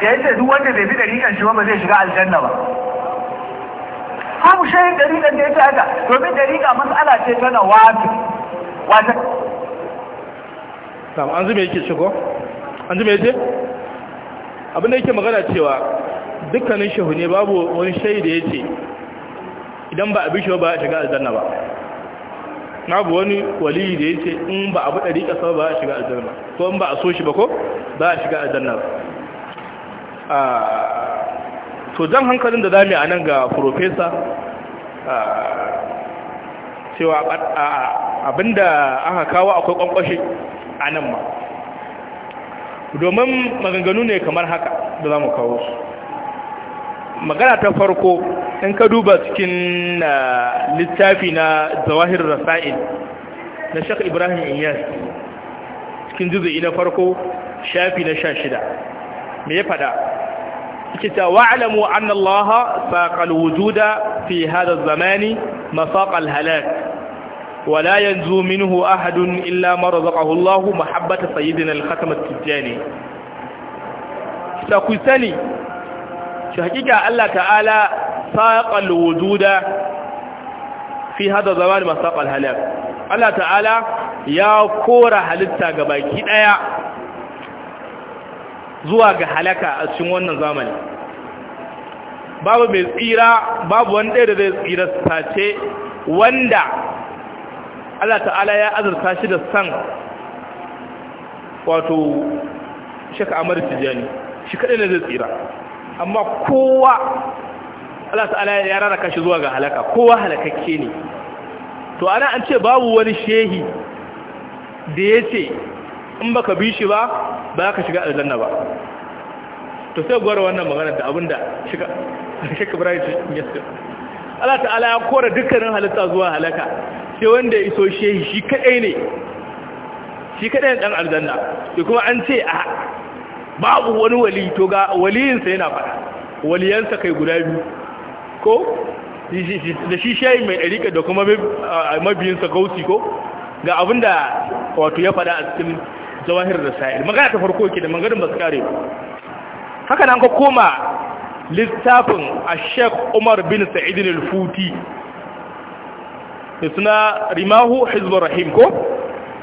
da ya ce duk wanda zai bi ɗariƙar shi ba zai shiga aljanna ba babu shehi ɗariƙar da ya ce haka domin ɗariƙa matsala ce tana wata wata
sam an zube yake shigo an zube yake abin da yake magana cewa dukkanin shehu ne babu wani shaida ya ce idan ba a bi ba shiga aljanna ba babu wani wali da ya ce in ba abu ɗari ƙasa ba ya shiga aljanna ko in ba a so shi ba ko ba a shiga aljanna ba ah, to jan hankalin da zami a nan ga profesa ah, cewa abinda aka kawo akwai ƙwanƙwashe a nan ma domin maganganu ne kamar haka da zamu kawo su magana ta farko in ka duba cikin littafi na zawahir rasa'il na shek ibrahim iyas cikin juzu'i na farko shafi na sha shida me ya fada yake ta wa'alamu anna allaha saqal wujuda fi hadha zamani masaqal halak ولا ينجو منه أحد إلا ما رزقه الله محبة tijani الختم التجاني سكسني ta hakika Allah ta'ala saqal wududa fi hada zaman masaqal halak Allah ta'ala ya kora halitta ga baki daya zuwa ga halaka a cikin wannan zamani babu mai tsira babu wani ɗaya da zai tsira sace wanda Allah ta'ala ya azurta shi da san wato ka amar jani shi kaɗai ne zai tsira amma kowa Allah ta'ala ya rarraka shi zuwa ga halaka kowa halakakke ne to ana an ce babu wani shehi da ya ce in baka bi shi ba ba ka shiga aljanna ba to sai gwara wannan magana da abinda shiga (laughs) shaka ibrahim ya ce Allah ta'ala ya kora dukkanin halitta zuwa halaka sai wanda ya iso shehi shi kadai ne shi kadai dan aljanna to kuma an ce a babu wani wali to ga waliyinsa yana faɗa waliyansa kai guda biyu ko da shi shayi mai ɗariƙa da kuma mabiyinsa gausi ko ga abin da wato ya faɗa a cikin zawahir da sa'ir magana ta farko ke da maganin ba su kare haka nan ka koma littafin a shek umar bin sa'idin alfuti da suna rimahu hezbollah rahim ko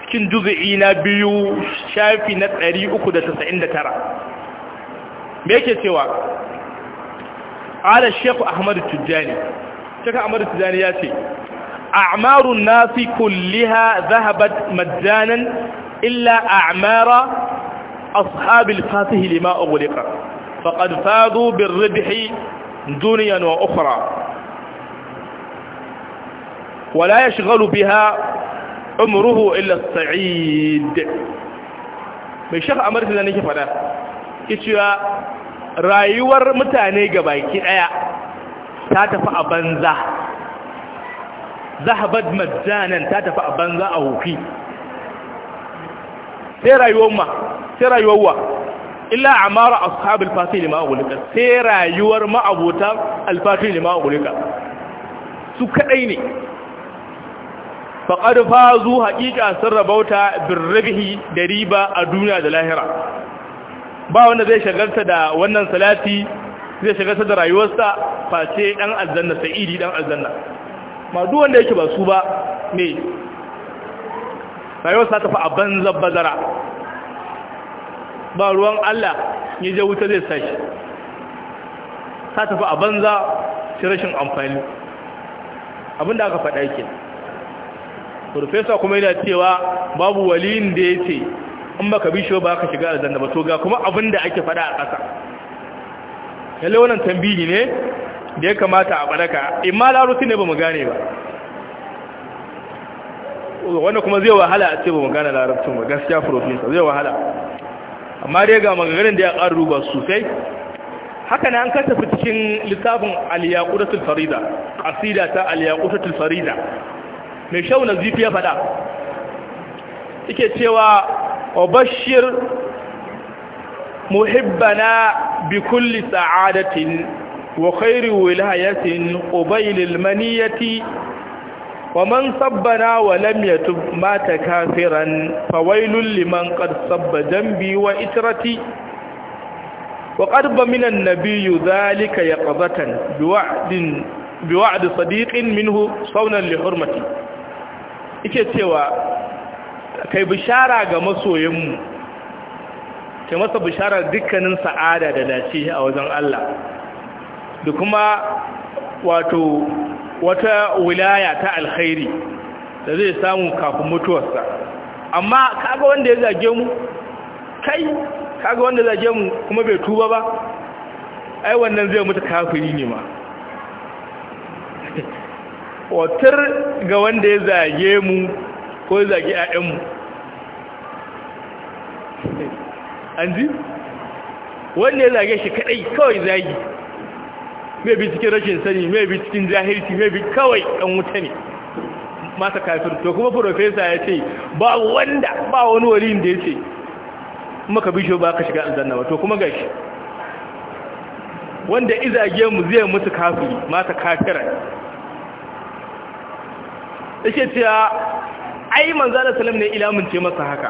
cikin juzi'i na biyu shafi na 399 me yake cewa ala shekhu ahmadu tujjani shekhu ahmadu tujjani ya ce a'marun nasi kulliha zahabat majjanan illa a'mara ashabil fatihi lima ughliqa faqad fadu birribhi duniyan wa ukhra ولا يشغل بها umruhu illa sa'id mai shaka amurka da nake fada ke cewa rayuwar mutane gabaki baki daya ta tafi a banza zahabat majanan ta tafi a banza a hufi sai rayuwar ma sai rayuwar wa illa amara ashabul fatih lima ugulika sai rayuwar ma'abota alfatih lima ugulika su kadai ne faƙar fazu haƙiƙa sun rabauta birrabihi da riba a duniya da lahira ba wanda zai shagarta da wannan salati zai shagarta da rayuwarsa face ɗan aljanna sa'idi ɗan aljanna ma duk wanda yake ba su ba ne rayuwarsa tafi a banza bazara ba ruwan Allah ya je wuta zai sashi ta tafi a banza shi rashin amfani abinda aka faɗa kenan farfesa kuma yana cewa babu waliyin da ya ce in baka bi shi ba ka shiga aljanna ba to ga kuma abin da ake fada a ƙasa lalle wannan tambayi ne da ya kamata a baraka in ma larusi ne ba mu gane ba wanda kuma zai wahala a ce ba mu gane larabcin ba gaskiya profesa zai wahala amma dai ga maganganun da ya ƙaru ruba sosai haka na an kasa tafi cikin littafin al-yaqutatul farida qasida ta al-yaqutatul farida mai shau na zifi ya faɗa yake cewa obashir muhibbana bi kulli sa'adatin wa khairi wilayatin qubailil maniyati wa man sabbana wa lam yatub mata kafiran fawailul liman qad sabba jambi wa itrati وقد من النبي ذلك يقظة بوعد بوعد صديق منه صونا لحرمتي ike cewa kai bishara ga masoyinmu kai masa bishara dukkanin sa'ada da dace a wajen Allah da kuma wato wata wilaya ta alkhairi da zai samu kafin mutuwarsa amma kaga wanda ya zage mu kai kaga wanda ya zage mu kuma bai tuba ba ai wannan zai mutu kafiri ne ma otar ga wanda ya zage mu ko ya zage ‘ya'yanmu an ji wanda ya zage shi kaɗai kawai zagi mai bi cikin rashin sani mai bi cikin jahilci mai bi kawai ɗan wuta ne masa kafin to kuma profesa ya ce ba wanda ba wani wari da ya ce maka shi ba ka shiga aljanna ba to kuma gashi wanda izage mu zai mutu kafin masa kafira yake cewa ai manzo Allah ne ilamin ce masa haka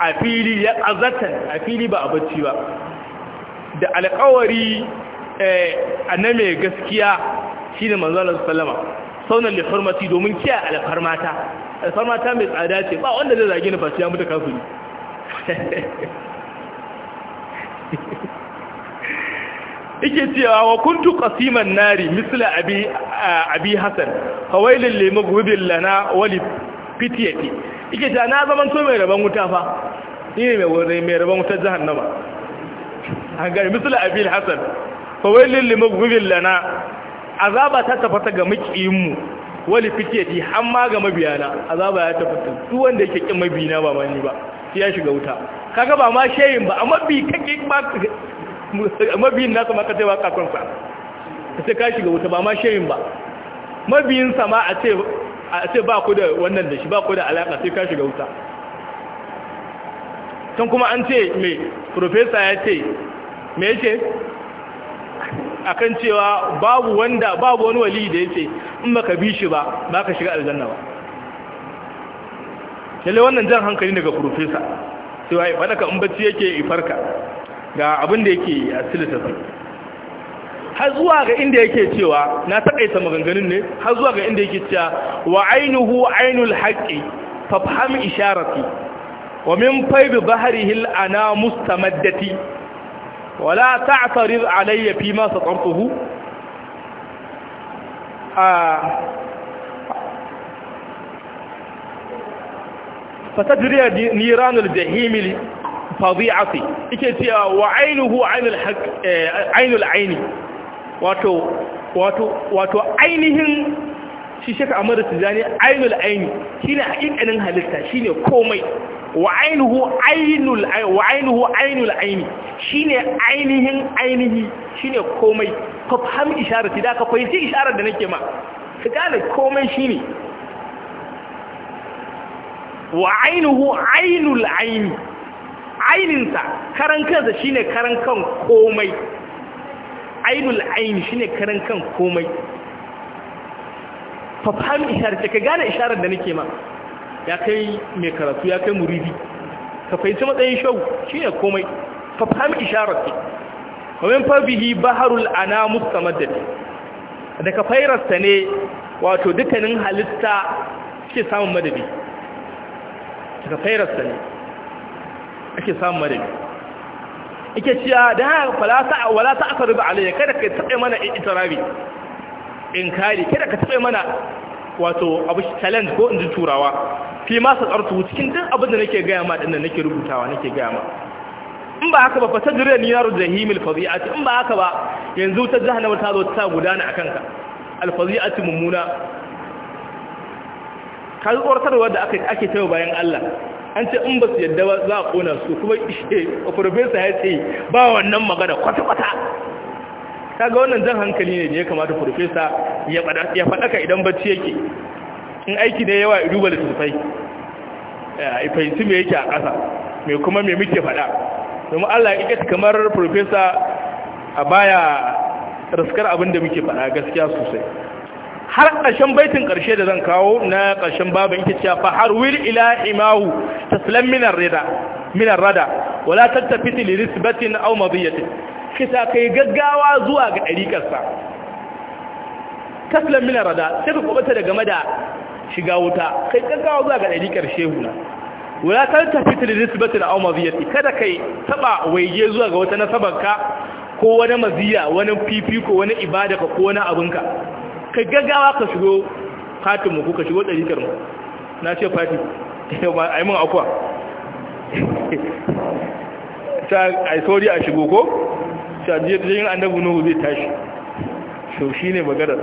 a fili ya azatan a fili ba a bacci ba da alƙawari eh, a na mai gaskiya shi ne manzo Allah sallama saunan da farmati domin kiya alfarmata alfarmata mai tsada ce ba wanda zai zage ni face ya mutu kafiri (laughs) yake cewa wa kuntu qasiman nari misla abi abi hasan fawailil lil lana wal fitiyati yake da na zaman to mai raban wuta fa ni ne mai mai raban wutar jahannama an ga misla abi hasan fawailil lil lana azaba ta tafata ga mukiyin mu wal fitiyati amma ga mabiyana azaba ya tafata duk wanda yake kin mabina ba mani ba sai ya shiga wuta kaga ba ma sheyin ba amma bi kake ba mabiyin nasa maka taiwa kakonsa ka ce ka shiga wuta ba ma shirin ba mabiyinsa ma a ce ba ku da wannan da shi ba ku da alaƙa sai ka shiga wuta can kuma an ce mai profesa ya ce mai ce akan cewa babu wanda babu wani wali da ya ce in ka bi shi ba ba ka shiga aljanna ba yalle wannan jan hankali daga profesa cewa ya faɗaka in bacci yake ifarka ga abin da yake a silitafi har zuwa ga inda yake cewa na taƙaita maganganun ne har zuwa ga inda yake cewa wa ainihu ainul haƙƙi fafham isharati wa min faidu baharihi ana mustamaddati wala ta'tarid alayya fi ma satartuhu a فتجري niranul jahimili fadi'ati yake cewa wa ainuhu ainul haq eh, ainul aini wato wato wato ainihin shi shaka amara tijani ainul aini shine hakikanin halitta shine komai wa ainuhu ainul wa ainuhu ainul aini shine ainihin ainihi shine komai ka fahimi isharati da ka fahimci isharar da nake ma kaga komai shine wa ainuhu ainul aini aininsa karan kansa ne karan kan komai ainul shi ne karan kan komai fafahim fahimi ka gane isharar da nake ma ya kai mai karatu ya kai muridi ka fahimci matsayin shau shi ne komai fafahim isharar ka wamin fabihi baharul ana da ka fairarsa ne wato dukkanin halitta suke samun madadi ka fairarsa ne ake samun madadi ike ciya da haka wala ta aka rubu alayya kada ka taɓe mana itirabi in kari kada ka taɓe mana wato abu challenge ko in ji turawa fi ma su tsartu cikin duk abin da nake gaya ma ɗin da nake rubutawa nake gaya ma in ba haka ba fa ta jira niyar jahimil fadi'ati in ba haka ba yanzu ta jahannama ta zo ta gudana kanka ka al fadi'ati mummuna ka tsoratarwa da ake ake bayan Allah an ce in ba su yadda ba za a kona su kuma ishe farfesa ya ce ba wannan magana kwata-kwata ta ga wannan jan hankali ne da ya kamata farfesa ya faɗaka idan bacci yake in aiki da yawa duba da sufai a ifayinsu mai yake a ƙasa mai kuma mai muke faɗa domin allah ya ƙi kamar farfesa a baya raskar abin da muke faɗa gaskiya sosai har ƙarshen baitin ƙarshe da zan kawo na ƙarshen babin yake cewa fa har wil ila imahu taslam minar rida minar rada wala tattafi li risbatin aw madiyatin kisa kai gaggawa zuwa ga sa taslam minar rada sai ka kubuta daga mada shiga wuta kai gaggawa zuwa ga ɗariƙar na wala tattafi li risbatin aw madiyatin kada kai taba waige zuwa ga wata nasabarka ko wani maziya wani fifiko wani ibada ko wani abinka ka gaggawa ka shigo fatin mu ko ka shigo ɗarikar mu na ce fati ba a yi mun akwa ta a sauri a shigo ko ta an annabu nuhu zai tashi so shi ne maganar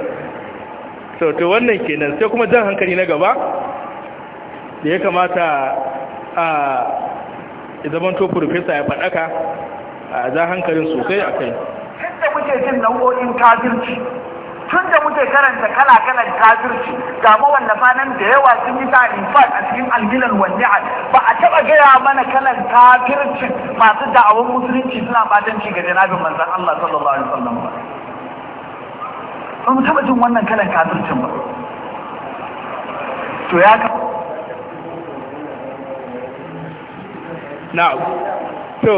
sau ta wannan kenan sai kuma jan hankali na gaba da ya kamata a to profesa ya faɗaka a za hankalin sosai a kai
kuke jin nau'o'in tun da muke karanta kala-kalan kafirci ga mawallafa nan da yawa sun yi ta infat a cikin algilan wanni'al ba a taɓa gaya mana kalan kafircin masu da'awun musulunci suna batanci ga janabin manzan Allah sallallahu alaihi wasallam ba ba mu taɓa jin wannan kalan kafircin ba to ya ka
na'am to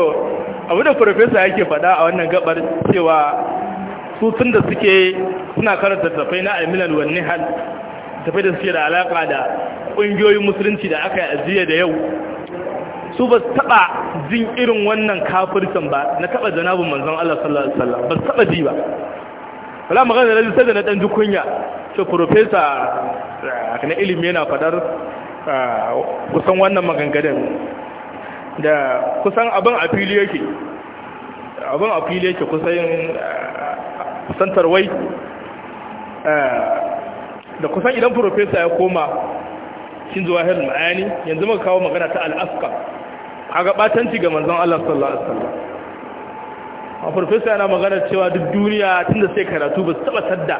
abu da farfesa yake faɗa a wannan gabar cewa su da suke suna karanta tafai na aminal wa nihal tafai da suke da alaƙa da ƙungiyoyin musulunci da aka yi ajiye da yau su ba su taɓa jin irin wannan kafircin ba na taɓa janabin manzon Allah sallallahu alaihi wasallam ba su taɓa ji ba wala magana da sai da na dan ji kunya ce professor na eh, ilimi yana fadar eh, kusan wannan maganganun da kusan abin a fili yake abin a fili yake kusan eh, kusantar wai eh, da kusan idan profesa ya koma shin zuwa hirin ma'ayani yanzu muka kawo magana ta al'afka haga batanci ga manzan Allah sallallahu alaihi wasallam a profesa yana magana cewa duk duniya tun tunda sai karatu ba su taba tadda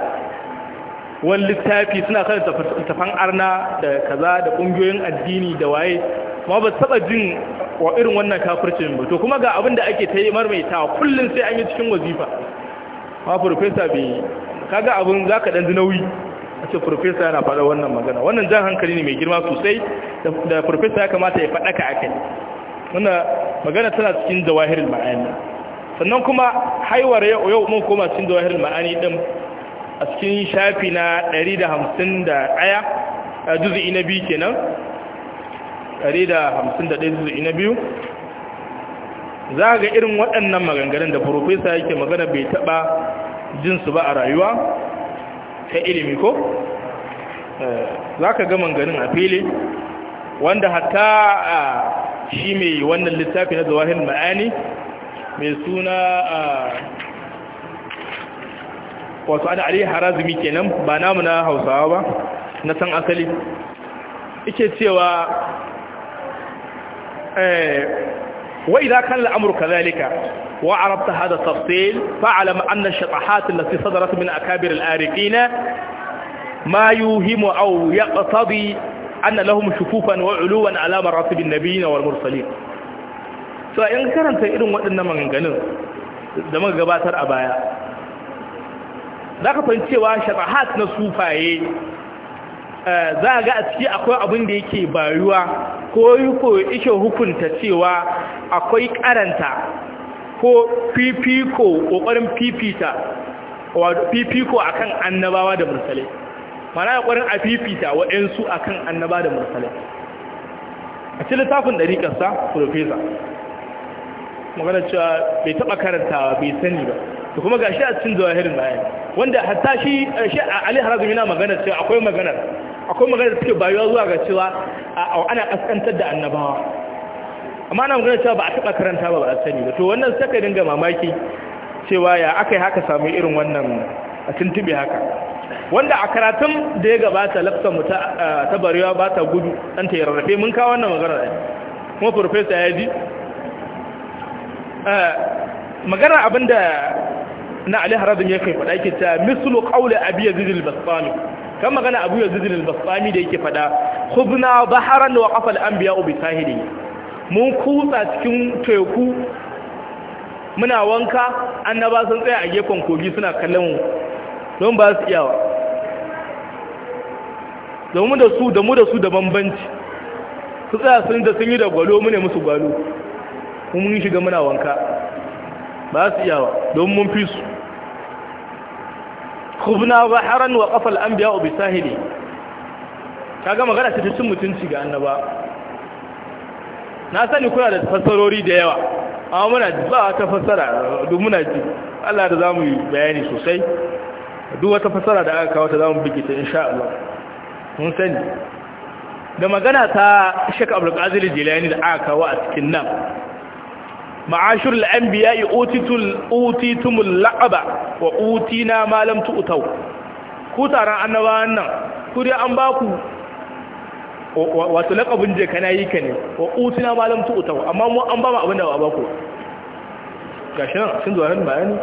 wani littafi suna kan tafan arna da kaza da kungiyoyin addini da waye ma ba taba jin wa irin wannan kafircin ba to kuma ga abin da ake ta yi marmaitawa kullum sai an yi cikin wazifa ma profesa bai kaga abin za ka ɗanzu nauyi a ce profesa yana faɗa wannan magana wannan jan hankali ne mai girma sosai da profesa ya kamata ya faɗa ka a wannan magana tana cikin jawahirin ma'ani sannan kuma haiwar yau mun koma cikin jawahirin ma'ani ɗin a cikin shafi na 151 juzu'i na biyu kenan 151 juzu'i na biyu za ga irin waɗannan maganganun da profesa yake magana bai taɓa jinsu ba a rayuwa ta ilimi ko eh, za ka ga maganganun a fili wanda hatta shi mai wannan littafi na zawahir ma'ani mai suna wasu ana ali harazumi kenan ba namu na hausawa ba na san asali ike cewa eh, وإذا كان الأمر كذلك وعرفت هذا التفصيل فعلم أن الشطحات التي صدرت من أكابر الآرقين ما يوهم أو يقتضي أن لهم شفوفا وعلوا على مراتب النبيين والمرسلين فإن كانت إذن وإن من قنر دمان قباتر أبايا a baya za ka fahimcewa sharahat na sufaye za ga a ko yuko ishe hukunta cewa akwai karanta ko fifiko kokarin fifita wato fifiko akan annabawa da mursalai mana kokarin a fifita su akan annaba da mursale a cikin littafin dariƙar profesa magana cewa bai karanta karantawa bai sani ba Da kuma ga shi a cikin zawahirin bayan wanda hatta shi a alihar zumina magana cewa akwai maganar akwai magana da suke bayuwa zuwa ga cewa ana kaskantar da annabawa amma ana magana cewa ba a taɓa karanta ba ba a sani ba to wannan sai ka dinga mamaki cewa ya aka yi haka samu irin wannan a tuntube haka wanda a karatun da ya gabata lafsa mu ta barewa ba ta gudu ɗan ta yararrafe mun kawo wannan magana da kuma farfesa ya ji magana abinda na ali Haradun ya kai faɗa ke ta mislu ƙaule abi yazid al kan magana abu yanzu zinin basfami da yake fada khubna baharan wa qafal anbiya bi sahili mun kutsa cikin teku muna wanka annaba sun tsaya a gefen kogi suna kallon mu don ba su iyawa da mu da su da mu da su da bambanci su tsaya sun da sun yi da gwalo mu ne musu gwalo mun shiga muna wanka ba su iyawa don mun fi su kubna baharan wa qafal anbiya bi sahili kaga magana ta cin mutunci ga annaba na sani kuna da fassarori da yawa amma muna ba ta fassara duk muna ji Allah da zamu yi bayani sosai duk wata fassara da aka kawo ta zamu bige ta insha Allah mun sani da magana ta Sheikh Abdul Qadir Jilani da aka kawo a cikin nan ma'ashir al'ambiya yi utitumul la'aba wa na malam tu'utau ku taron annabawan nan ku dai an ba ku wato laƙabin je kana yi ka ne wa utina malam tu'utau amma mu an ba mu abin da ba ku gashi nan sun zuwa nan bayani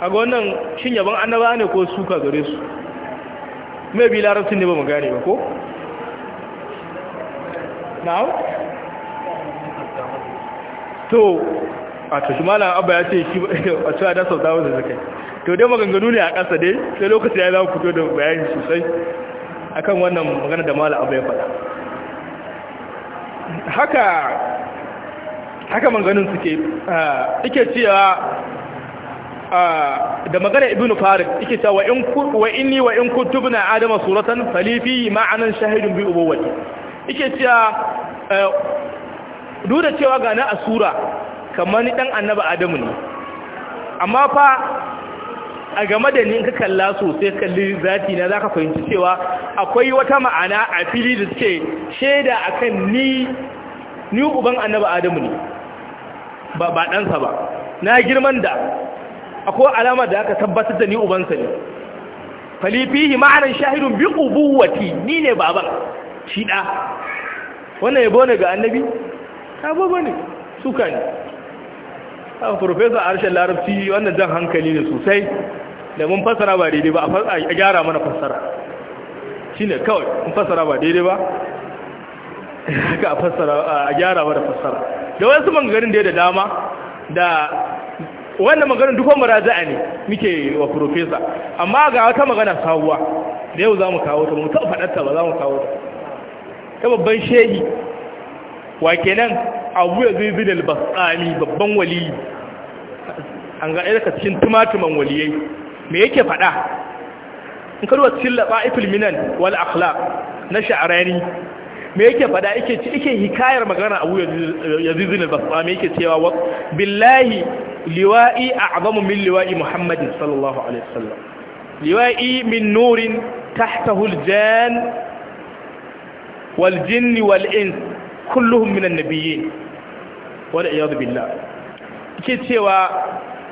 a ga wannan shin yaban annaba ne ko suka gare su mai bi larabcin ne ba mu gane ba ko na'am to a tashi malam abba ya ce shi a cewa da sau zawon da kai, to dai maganganu ne a ƙasa dai sai lokaci ya zama fito da bayani sosai akan wannan magana da malam abba ya faɗa haka haka ke suke ike cewa da magana ibn farid ike cewa in wa inni wa in na adama suratan falifi ma'anan shahidun bi ubuwwati ike cewa duk da cewa ga na a sura kamar ni dan annaba adamu ne amma fa a game da ni in ka kalla sosai kalli zati na zaka ka fahimci cewa akwai wata ma'ana a fili da suke shaida akan ni ni uban annaba adamu ne ba ba sa ba na girman da akwai alama da aka tabbatar da ni sa ne falifihi ma'anan shahidun bi ubuwati ni ne baban shi ɗa wannan yabo ne ga annabi sabo ba ne suka ne a ah, profesa a harshen larabci wannan jan hankali ne sosai da mun fasara ba daidai ba a gyara mana fasara shi ne kawai mun fasara ba daidai ba a gyara mana fasara da wasu mangarin da ya da dama da wannan maganin dukkan maraja'a ne muke wa profesa amma ga wata magana sabuwa da yau za mu kawo ta mu ta faɗarta ba za mu kawo ta babban shehi wa kenan abu ya zai zidal basami babban wali, an ga ɗaya cikin tumatuman waliyai me yake faɗa in karuwa cikin laɓa'ifil ifilminan wal akhla na sha'arani me yake faɗa yake ci yake hikayar magana abu ya zidal basami yake cewa billahi liwa'i a a'zamu min liwa'i muhammadin sallallahu alaihi wasallam liwa'i min nurin tahtahu aljan wal jinni wal ins kulluhum minan nabiyyin wal iyad billah yake cewa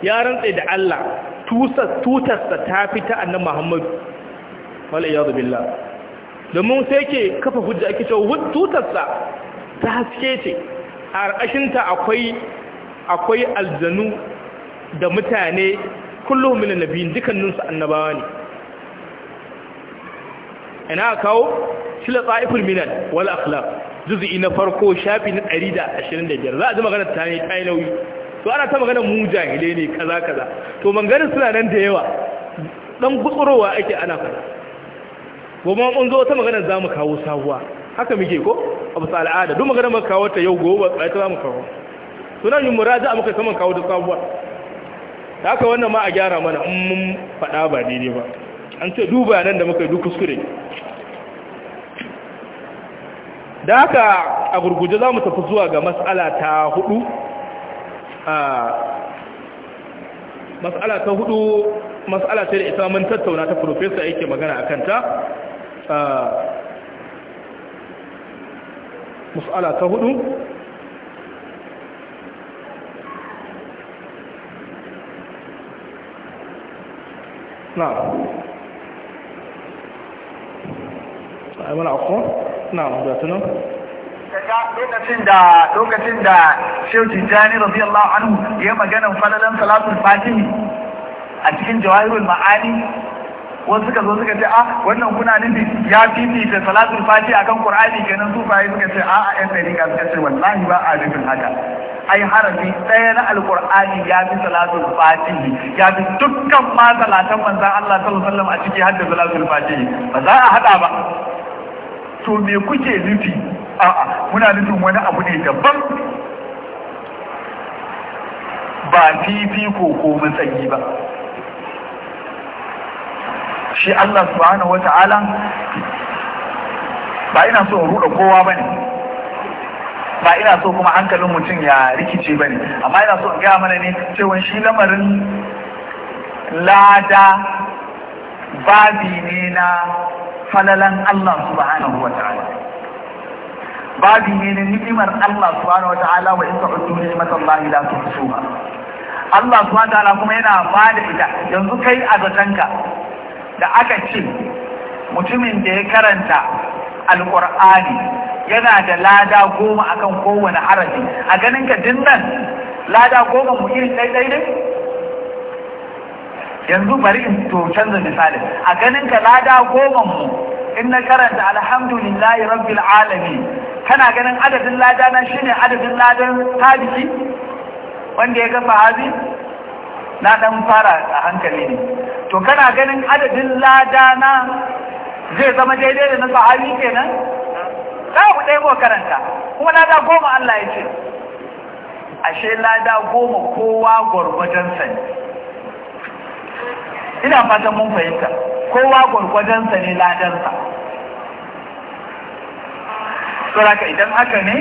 ya rantsa da Allah tusar tutarsa ta fita annabi Muhammad wal iyad billah domin sai yake kafa hujja yake cewa tutarsa ta haske ce a ƙarƙashinta akwai akwai aljanu da mutane kullum minan nabiyin su annabawa ne ina kawo shila tsa'iful minan wal akhlaq juz'i na farko shafi na 125 za a ji magana ta ne ta yi nauyi to ana ta magana mu jahile ne kaza kaza to mangarin suna nan da yawa dan gutsurowa ake ana fara goma mun zo ta magana za mu kawo sabuwa haka muke ko abu sa al'ada duk magana muka kawo ta yau gobe ba ta zamu kawo kawo sunan mun muraja muka kaman kawo da sabuwa haka wannan ma a gyara mana in mun faɗa ba daidai ba an ce duba nan da muka yi duk kuskure da haka a gurguje za mu tafi zuwa ga matsala ta hudu matsala ta hudu matsala ta da ita mun tattauna ta profesa yake magana a kanta matsala ta hudu na a mana akwai na ga tunan
lokacin da lokacin da shehu tijjani radiyallahu anhu ya maganan falalan salatul fatimi a cikin jawahirul ma'ani wasu ka zo suka ce a ah, wannan kuna nufi ya fi fifita salatul fati a kan qur'ani kenan sufaye suka ce a a yan dariƙa suka ce wallahi ba a nufin haka ai harafi ɗaya na alqur'ani ya fi salatul fatihi ya fi dukkan ma salatan manzon Allah sallallahu alaihi wasallam a ciki har da salatul fatihi ba za a haɗa ba to me kuke nufi a'a muna nufin wani abu ne daban ba
fifiko ko matsayi ba
shi Allah subhanahu wa ta'ala ba ina so in ruɗa kowa ba ne ba ina so kuma hankalin mutum ya rikice ba ne amma ina so in gaya mana ne cewa shi lamarin lada babi ne na falalan Allah subhanahu wa ta'ala babu ne na ni'imar Allah subhanahu wa ta'ala wa in ta'uddu ni'matallahi la tuhsuha Allah subhanahu wa ta'ala kuma yana ba da ita yanzu kai a zatanka da aka ce mutumin da ya karanta alqur'ani yana da lada goma akan kowane harafi a ganin ka dinnan lada goma mu iri ɗaiɗai ne yanzu bari in to canza misali a ganin ka lada goman mu in na karanta alhamdulillahi rabbil alamin kana ganin adadin lada na shine adadin ladan tabiki wanda ya kafa hazi na dan fara a hankali ne to kana ganin adadin lada na zai zama daidai da na sahabi kenan ku dai go karanta kuma lada goma Allah ya ce ashe lada goma kowa gwargwajen sani ina fatan mun fahimta kowa gwargwadonsa ne ladansa saboda idan haka ne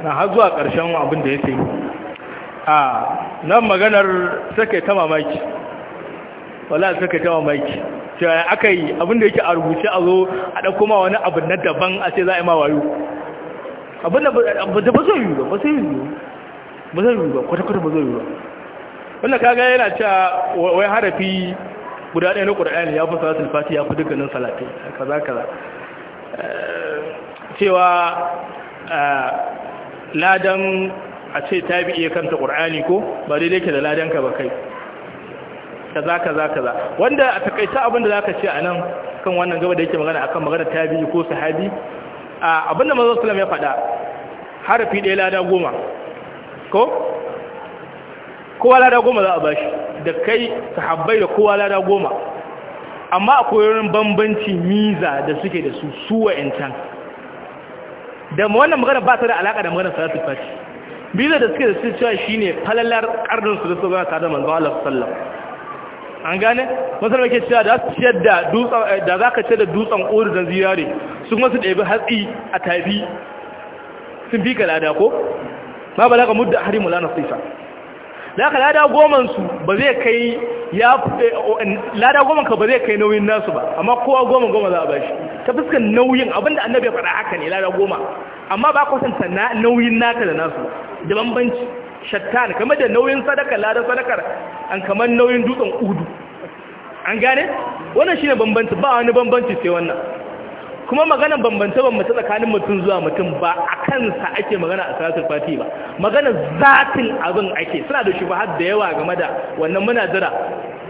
na har zuwa ƙarshen abin da ya ce a nan maganar sake ta mamaki wala sake ta mamaki cewa aka yi abin da yake a rubuce a zo a ɗauko ma wani abin na daban a ce za a yi mawayo Abinda abin da ba zai yi ba ba zai yi ba ba zai yi ba kwata-kwata ba zai yi ba wanda kaga yana cewa wai harafi guda ɗaya na ƙur'ani ya fi salatun fati ya fi dukkanin salatai kaza kaza eh, cewa eh, ladan a ce ta bi iya kanta ƙur'ani ko ba daidai ke da ladan ka ba kai kaza kaza kaza wanda a takaita abinda za ka ce a nan kan wannan gaba da yake magana akan magana ta bi ko sahabi abinda mazo sulam ya faɗa harafi ɗaya lada goma ko kowa lada goma za a bashi da kai sahabbai da kowa lada goma amma a koyarun bambanci miza da suke da su su can da wannan magana ba ta da alaƙa da magana salatu fati miza da suke da su cewa shi ne falalar ƙarnin su da su gana tare da manzo Allah sallam an gane masana ke cewa da ciyar da dutsen eh, da za ka ciyar da dutsen ori da ziyare su kuma su ɗabi hatsi a tafi sun fi ka lada ko ma ba za ka mudda harimu lana sifa da haka lada goman su ba zai kai ya lada goman ka ba zai kai nauyin nasu ba amma kowa goma goma za a bashi ta fuskan nauyin abinda annabi ya fara haka ne lada goma amma ba kwatanta nauyin naka da nasu da bambanci shattan kamar da nauyin sadaka lada sadakar an kamar nauyin dutsen udu an gane wannan shine bambanci ba wani bambanci sai wannan kuma magana bambance bambance tsakanin mutum zuwa mutum ba a kansa ake magana a salatul fati ba magana zatin abin ake suna da shubahar da yawa game da wannan muna jira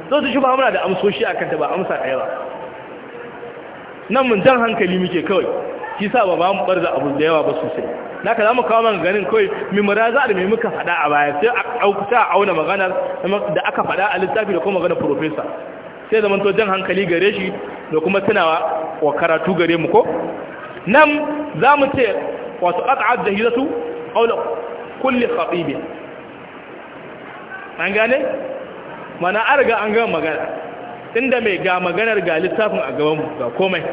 so su shubahar muna da amsoshi a kanta ba amsa ɗaya ba nan mun jan hankali muke kawai shi sa ba mu barza abu da yawa ba sosai naka mu kawo man ganin kawai mi muraza da me muka faɗa a baya sai a auna magana da aka faɗa a littafi da kuma magana profesa sai zama to jan hankali gare shi da kuma tunawa wa karatu gare mu ko nan za mu ce wato at'ad jahilatu qawla kulli khatib an gane mana an riga an gama magana inda mai ga maganar ga littafin a gaban mu ga komai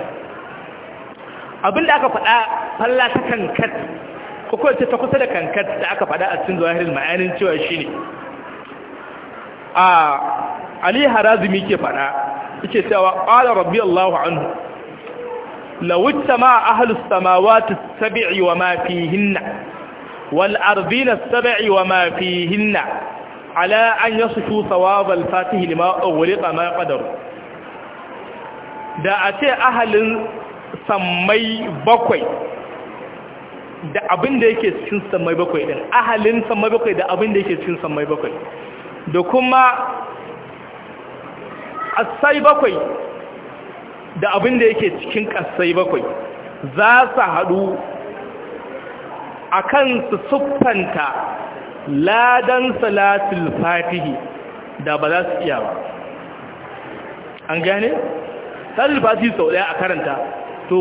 Abin da aka faɗa falla ta kankat ko kuma ta kusa da kankat da aka faɗa a cikin zahirin ma'anin cewa shine a ali harazimi ke faɗa yake cewa qala rabbi allah anhu law ittama ahli samawati sab'i wa ma fihinna wal ardina sab'i wa ma fihinna ala an yasfu thawab al fatih lima ughliqa ma qadar da a ce ahalin sammai bakwai da yake cikin sammai bakwai din ahalin sammai bakwai da abinda yake cikin sammai bakwai da kuma Kassai bakwai da abin da yake cikin kassai bakwai za su haɗu a kan su siffanta ladan salatul fatihi da ba za su iya ba an gane? salatul fatihi sau ɗaya a karanta to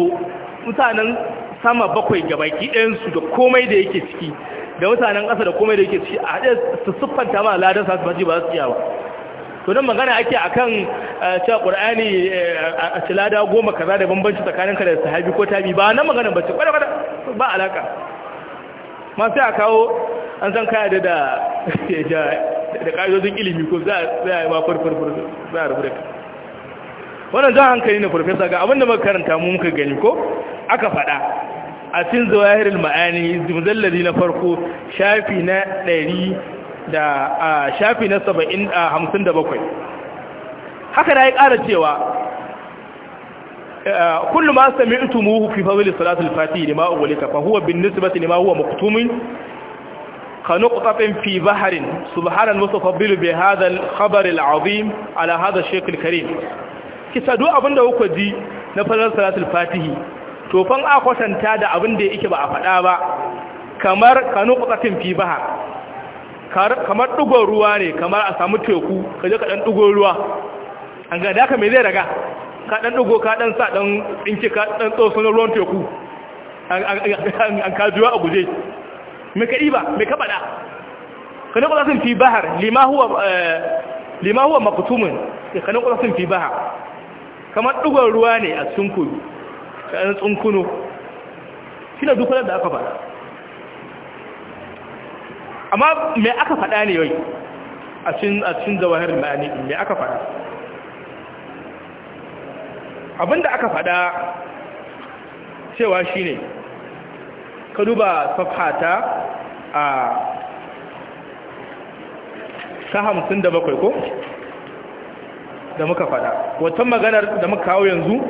mutanen sama bakwai gabaki ɗayansu da komai da yake ciki da mutanen ƙasa da komai da yake ciki a haɗe su siffanta ma ladan salatul fatihi ba za su iya ba to nan magana ake akan eh, cewa qur'ani eh, a tilada goma kaza da bambanci tsakaninka da sahabi ko tabi ba nan magana ba ce kwada kwada ba alaka ma sai a kawo an san kaya (laughs) da da ƙa'idodin ilimi ko za a ba farfarfar za a rubuta wannan zan hankali ne farfesa ga abinda makaranta mu muka gani ko aka faɗa a cin zawahirul ma'ani zimzallari na farko shafi na ɗari da a shafi na saba'in a hamsin da bakwai haka na ya ƙara cewa kullum ma sami itumuhu fi fawili salatul fati ne ma'uwalika fa huwa bin nisbati ne ma huwa maktumin كنقطة في بحر سبحان المتفضل بهذا الخبر العظيم على هذا الشيخ الكريم kisa duk abin da kuka ji na fadar salatul fatihi to fan a kwatanta da abinda da yake ba a faɗa ba kamar kanuqatin fi bahar kamar ɗugon ruwa ne kamar a samu teku ka je ka ɗan ɗugon ruwa an ga daga mai zai daga ka ɗan ɗugo ka ɗan sa ɗan ɗinke ka ɗan tsoso ruwan teku an ka juwa a guje mai ka ɗiba mai ka ɗa. ka nan ƙwasasin fi bahar lima huwa eh, makutumin ka nan ƙwasasin fi bahar kamar ɗugon ruwa ne a cikin kudu ka ɗan tsunkuno shi na duk da aka faɗa amma me aka faɗa ne yau a cikin zawahar ma'ani me aka faɗa abinda aka faɗa cewa shi ne ka duba safhata a ta hamsin da bakwai ko da muka faɗa watan maganar da muka kawo yanzu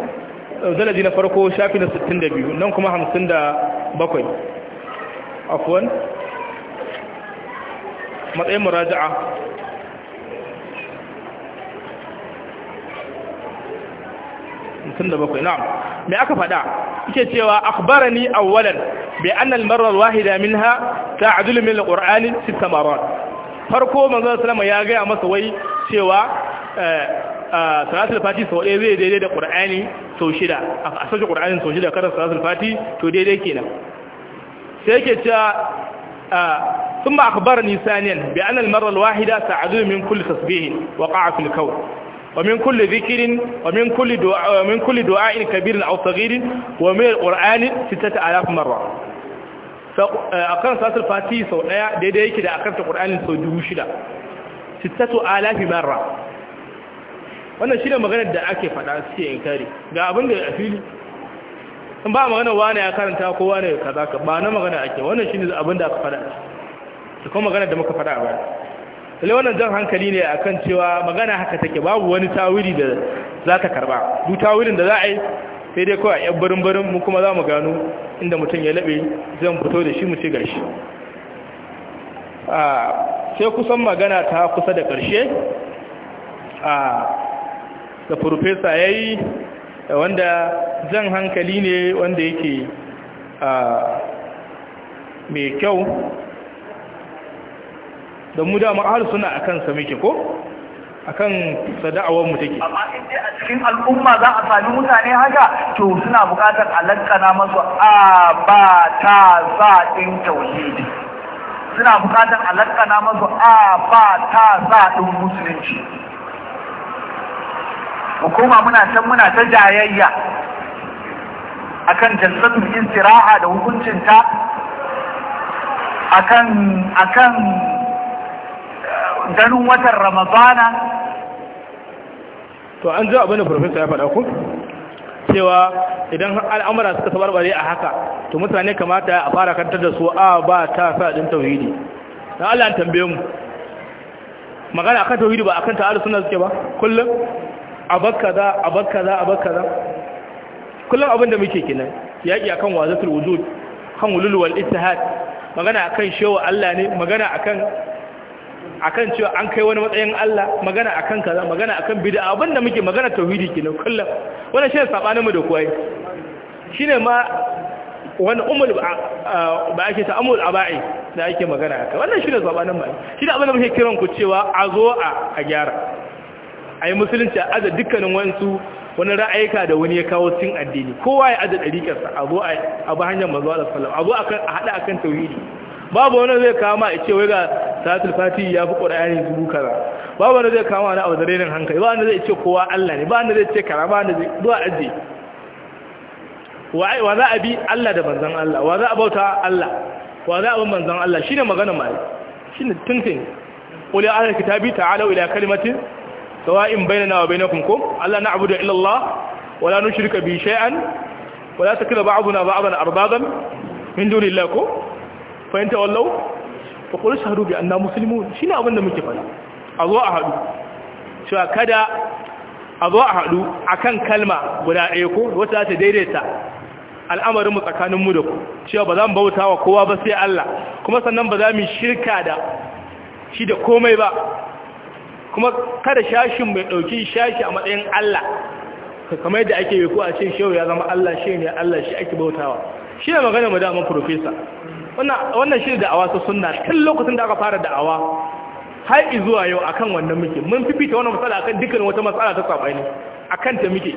zalaji na farko shafi na 62 nan kuma 57 afuwan matsayin muraja'a tunda bakwai na'am me aka faɗa yake cewa akhbarani awwalan bi anna al-marra al-wahida ha ta min al-qur'ani sitt maron. farko manzo salama ya ga masa wai cewa eh, eh, salatul fati sau ɗaya zai daidai da qur'ani sau shida a sauke qur'anin sau shida karan salatul fati to daidai kenan sai yake cewa ثم أخبرني ثانيا بأن المرة الواحدة تعدل من كل تسبيح وقع في الكون ومن كل ذكر ومن كل دعاء, ومن كل دعاء كبير أو صغير ومن القرآن ستة آلاف مرة أقرأ صلاة الفاتحة سوء دي دي كده أقرأت القرآن سوء دوشدة ستة آلاف مرة wannan shi da maganar da ake faɗa suke inkari ga abin da a fili in ba magana wane ya karanta ko wane ya kaza ka ba na magana ake wannan shine abin da aka faɗa da kuma magana da muka faɗa a baya sai wannan jan hankali ne akan cewa magana haka take babu wani tawili da za ta karba duk tawilin da za a yi sai dai kawai yan barin barin mu kuma za mu gano inda mutum ya labe zan fito da shi mu ce gashi ah, sai kusan magana ta kusa da karshe ah, da farfesa ya yi wanda zan hankali ne wanda yake mai kyau da mu dama har suna a kansa muke ko a kan sada'awar mu take amma
in dai a cikin al'umma za a sami mutane haka to suna bukatar alakana masu a ba ta za ɗin tauhidi suna bukatar alakana masu a ba ta za ɗin musulunci mu koma muna san muna ta jayayya akan jalsatul istiraha da hukuncinta akan akan eh, ganin watan ramadana to an
ji abin da professor ya faɗa ku cewa idan al'amura suka tabarbare a haka to mutane kamata a fara kantar da su a ba ta sa din tauhidi dan Allah tambaye mu magana akan tauhidi ba akan ta'ala sunna suke ba kullum abakaza abakaza abakaza kullum abin da muke kenan yaki akan wazatul wujud kan wulul wal ittihad magana akan shewa Allah ne magana akan akan cewa an kai wani matsayin Allah magana akan kaza magana akan bid'a abin da muke magana tauhidi kenan kullum wannan shine sabanin mu da kuwai shine ma wani umul ba ake ta amul aba'i da ake magana akai wannan shine sabanin mu shine abin da muke kiran ku cewa a zo a gyara a yi musulunci a aza dukkanin wansu wani ra'ayika da wani ya kawo cin addini kowa ya aza ɗariƙarsa abu a bi hanyar mazu ala sallam abu a haɗa a kan tauhidi babu wani zai kama a ce wai ga salatul fati ya fi ƙwararri dubu kaza babu wani zai kama na abu zararin hankali ba wanda zai ce kowa allah ne ba wanda zai ce kara ba wanda zai zuwa aji wa za a bi allah da manzan allah wa za a bauta allah wa za a bi manzan allah shine magana mai shine tuntun qul ya ahlal kitabi ta'alu ila kalimatin sawa'in bainana wa bainakum kum alla na'budu illa Allah wa la nushrika bi shay'an wa la takulu ba'duna ba'dan arbaban min dunillahi ko fa in tawallaw fa qul shahadu bi anna muslimun shine abin da muke fada a zo a hadu cewa kada a zo a akan kalma guda wata ta daidaita al'amarin mu tsakanin mu da ku cewa ba za mu bauta wa kowa ba sai Allah kuma sannan ba za mu shirka da shi da komai ba kuma kada shashin mai ɗauki shashi a matsayin Allah kamar yadda ake yi ko a ce shehu ya zama Allah shi ne Allah shi ake bautawa shi ne magana mu dama profesa wannan shi da awa su sunna tun lokacin da aka fara da awa har zuwa yau akan wannan muke mun fifita wannan matsala akan dukkan wata matsala ta ne akan ta muke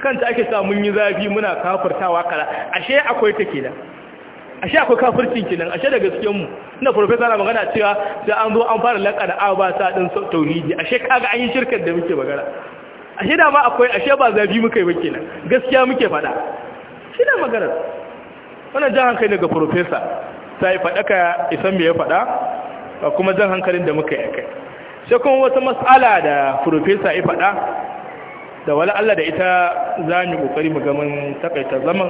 akan ta ake sa mun yi zafi muna kafurtawa kala ashe akwai take da ashe akwai kafircin kenan ashe da gaskiyan mu ina professor na magana cewa sai an zo an fara laka da abata din tauhidi ashe kaga an yi shirkar da muke magana ashe da ma akwai ashe ba zabi muka yi ba kenan gaskiya muke faɗa shi da magana wannan jan hankali daga professor sai fada ka isan me ya faɗa kuma jan hankalin da muka yi kai sai kuma wata mas'ala da professor ya faɗa da wala Allah da ita zamu kokari mu ga mun takaita zaman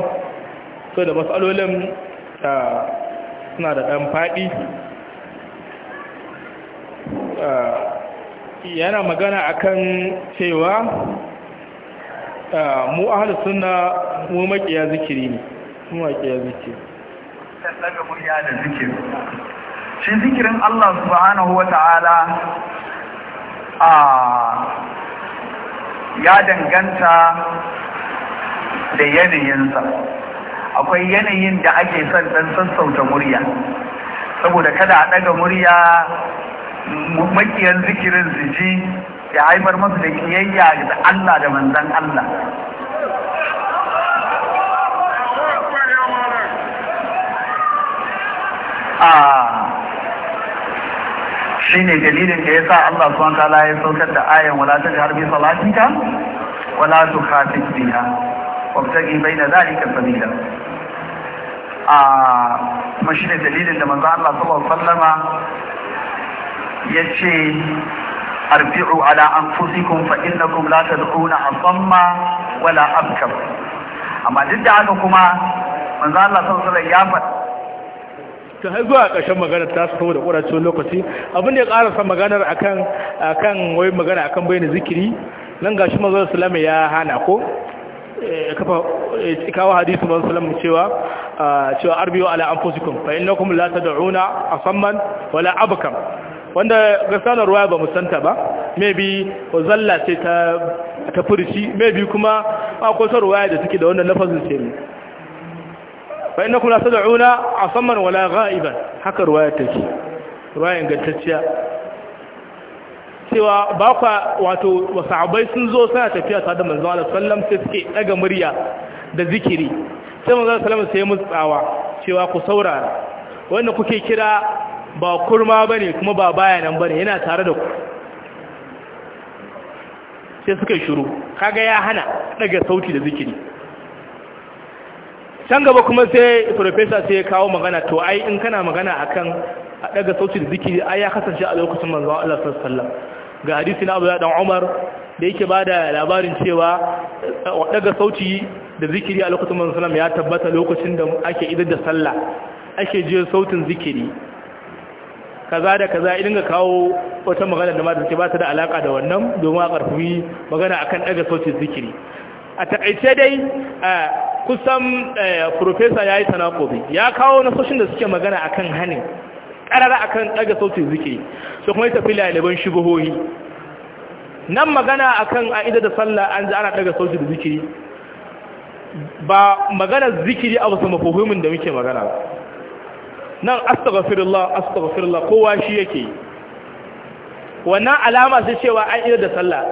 so da mas'alolin suna da ɗan faɗi ah, yana magana akan cewa ah, mu ahalus suna mu maƙiya zikiri ne mu maƙiya zikiri
ɗaga murya da zikiri shi zikirin Allah subhanahu wata'ala a ah, ya danganta da yanayinsa akwai yanayin da ake son ɗan sassauta murya saboda kada a ɗaga murya makiyan zikirin su ji ya haifar masu da kiyayya da Allah da manzan Allah ah, shi ne dalilin da ya sa Allah suwan kala ya saukar da ayan wala ta harbi salatika wala tu khatib wabtagi bai da zalika sabila a kuma shi ne dalilin da manzo Allah sallallahu alaihi wasallam ya ce arfi'u ala anfusikum fa innakum la tad'una asamma wala abkam amma duk da haka kuma manzo Allah sallallahu alaihi ya faɗa
to zuwa ƙarshen maganar ta su da ƙuracin lokaci abin da ya ƙarasa maganar akan akan wai magana akan bayyana zikiri nan gashi manzo sallallahu alaihi ya hana ko Eh, kafa eh, kawo hadisin wasu salamu cewa ah, cewa arbiyo ala anfusikum fa da runa a samman wala abkam wanda ga sanar ruwa ba musanta ba maybe zalla ce ta ta furci maybe kuma akwai sanar ruwa da suke da wannan lafazin ce ne fa da runa a samman wala gaiban haka ruwa take ruwa ingantacciya cewa ba kwa wato Wasa'abai sun zo suna tafiya tare da manzo Allah sallam sai suke daga murya da zikiri sai manzo sallam sai ya tsawa cewa ku saurara wanda kuke kira ba kurma bane kuma ba bayanan bane yana tare da ku sai suka shiru kaga ya hana daga sauti da zikiri can gaba kuma sai professor sai ya kawo magana to ai in kana magana akan a daga sauti da zikiri ai ya kasance a lokacin manzo Allah sallallahu alaihi wasallam ga hadisi na abu dan umar da yake ba da labarin cewa eh, daga sauti da zikiri a lokacin manzanam ya tabbata lokacin da ake idar da sallah ake jiyo sautin zikiri kaza da kaza idan ga kawo wata magana da mata ke ba ta da alaka da wannan domin a karfi magana akan daga sautin zikiri a takaice dai eh, kusan eh, profesa ya yi tanakobi ya kawo nasoshin da suke magana akan hanin karara kan ɗaga sautin zikiri su kuma tafi laliban shubuhohi nan magana a a a'ida da sallah an ji ana daga sautin zikiri ba magana zikiri a wasu mafuhimin da muke magana nan astaghfirullah astaghfirullah kowa shi yake wannan alama sai cewa an ida da sallah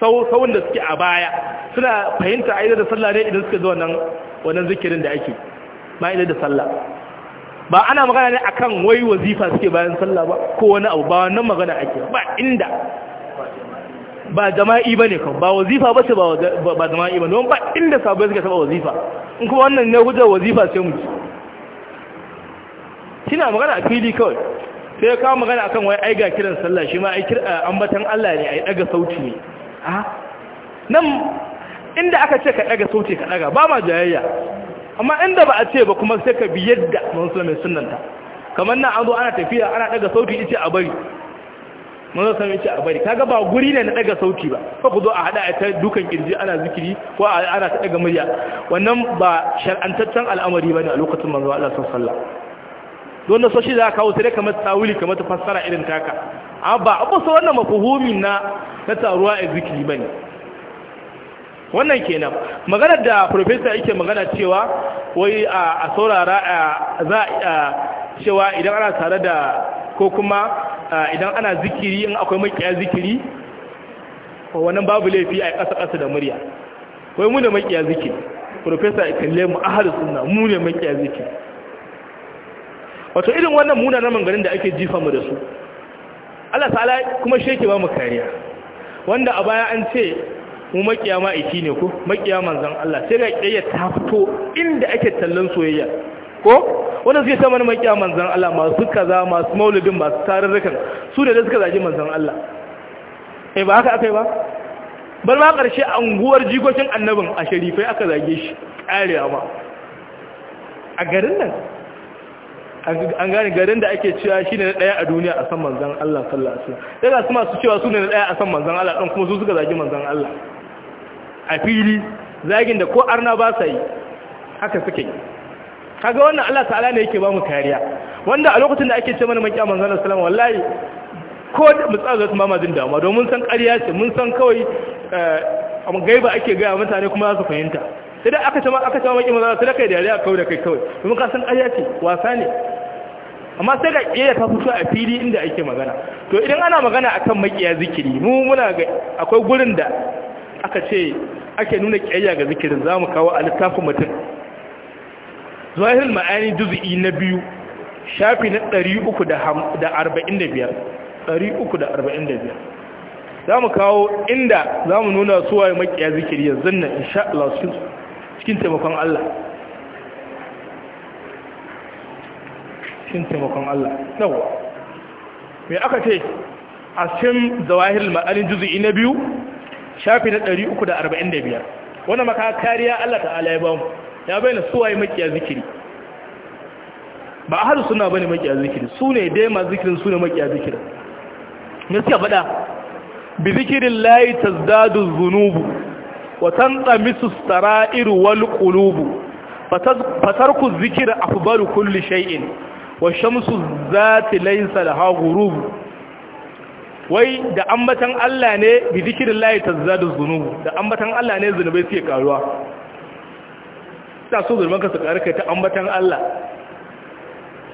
sauran da suke a baya suna fahimta a ida da sallah ne idan suka zo wannan wannan zikirin da ake ma ida da sallah ba ana magana ne akan wai wazifa suke bayan sallah ba ko wani abu ba wannan magana ake ba inda ba jama'i bane kan ba wazifa ba ce ba jama'i ba don ba inda sabai suka saba wazifa in kuma wannan ne hujjar wazifa sai mu kina magana a fili kawai sai ka magana akan wai ai ga kiran sallah shi ma ai ambatan Allah ne ai daga sauti ne a nan inda aka ce ka daga sauti ka daga ba ma jayayya amma inda ba a ce ba kuma sai ka bi yadda manzo mai sunnanta kamar nan an zo ana tafiya ana daga sauti yace a bari manzo sai yace a bari kaga ba guri ne na daga sauti ba ko ku zo a hada ta dukan kirji ana zikiri ko ana ta daga murya wannan ba shar'antaccen al'amari bane a lokacin manzo Allah sallallahu alaihi wasallam don so shi za ka kawo sai kamar tawuli kamar ta fassara irin taka amma ba abu sa wannan mafuhumi na na taruwa a zikiri bane wannan kenan maganar da professor yake magana cewa wai a saurara za a cewa idan ana tare da ko kuma idan ana zikiri in akwai makiya zikiri wannan babu laifi a ƙasa ƙasa da murya wai mu ne makiya zikiri professor kalle mu ahlus sunna mu ne makiya zikiri wato irin wannan muna na manganin da ake jifa mu da su Allah ta'ala kuma sheke ba mu kariya wanda a baya an ce mu makiya ma'aiki ne ko makiya manzan Allah sai ga kiyayya ta fito inda ake tallan soyayya ko wannan sai ta mana makiya manzan Allah masu kaza masu maulidin masu tarurrukan su da suka zagi manzan Allah eh ba haka akai ba bar ma karshe anguwar jikokin annabin a sharifai aka zage shi karewa ma a garin nan an gane garin da ake cewa shi ne na ɗaya a duniya a san manzan Allah sallallahu Alaihi wasallam daga su masu cewa su ne na ɗaya a san manzan Allah ɗan kuma su suka zagi manzan Allah a fili zagin da ko arna ba sa yi haka suke yi kaga wannan Allah ta'ala ne yake ba mu kariya wanda a lokacin da ake ce mana maki a Allah sallallahu alaihi wallahi ko mu tsaya su mama jin damuwa domin san ƙarya ce mun san kawai eh, a gaiba ake ga mutane kuma za su fahimta sai da aka ce aka ce maki manzon Allah sai kai dariya kawai da kai kawai domin ka san ƙarya ce wasa ne amma sai ga iya ta fito a fili inda ake magana to idan ana magana akan makiya zikiri mu muna ga akwai gurin da aka ce ake nuna kiyayya ga zikirin za mu kawo a littafin mutum zuwahirin ma'ani juzi'i na biyu shafi na 345 345 za mu kawo inda za mu nuna suwaye makiya zikiri yanzu zanna insha Allah cikin taimakon Allah cikin taimakon Allah yawa me aka ce a cikin zawahir ma'anin juzi'i na biyu shafi na 345 wannan maka kariya Allah ta'ala ya ba mu ya bayyana suwaye makiya zikiri ba a haɗu suna bane makiya zikiri su ne dai ma zikirin su ne makiya zikiri ne suka faɗa bi zikirin layi ta zadu zunubu watan tsamisu sara'iru wal ƙulubu fatarku a afbalu kulli shai'in wa shamsu zati laysa laha ghurubu wai da ambatan Allah ne bi zikirin layi ta zada zunubu da ambatan Allah ne zunubai suke karuwa ta so zunubanka su karu kai ta ambatan Allah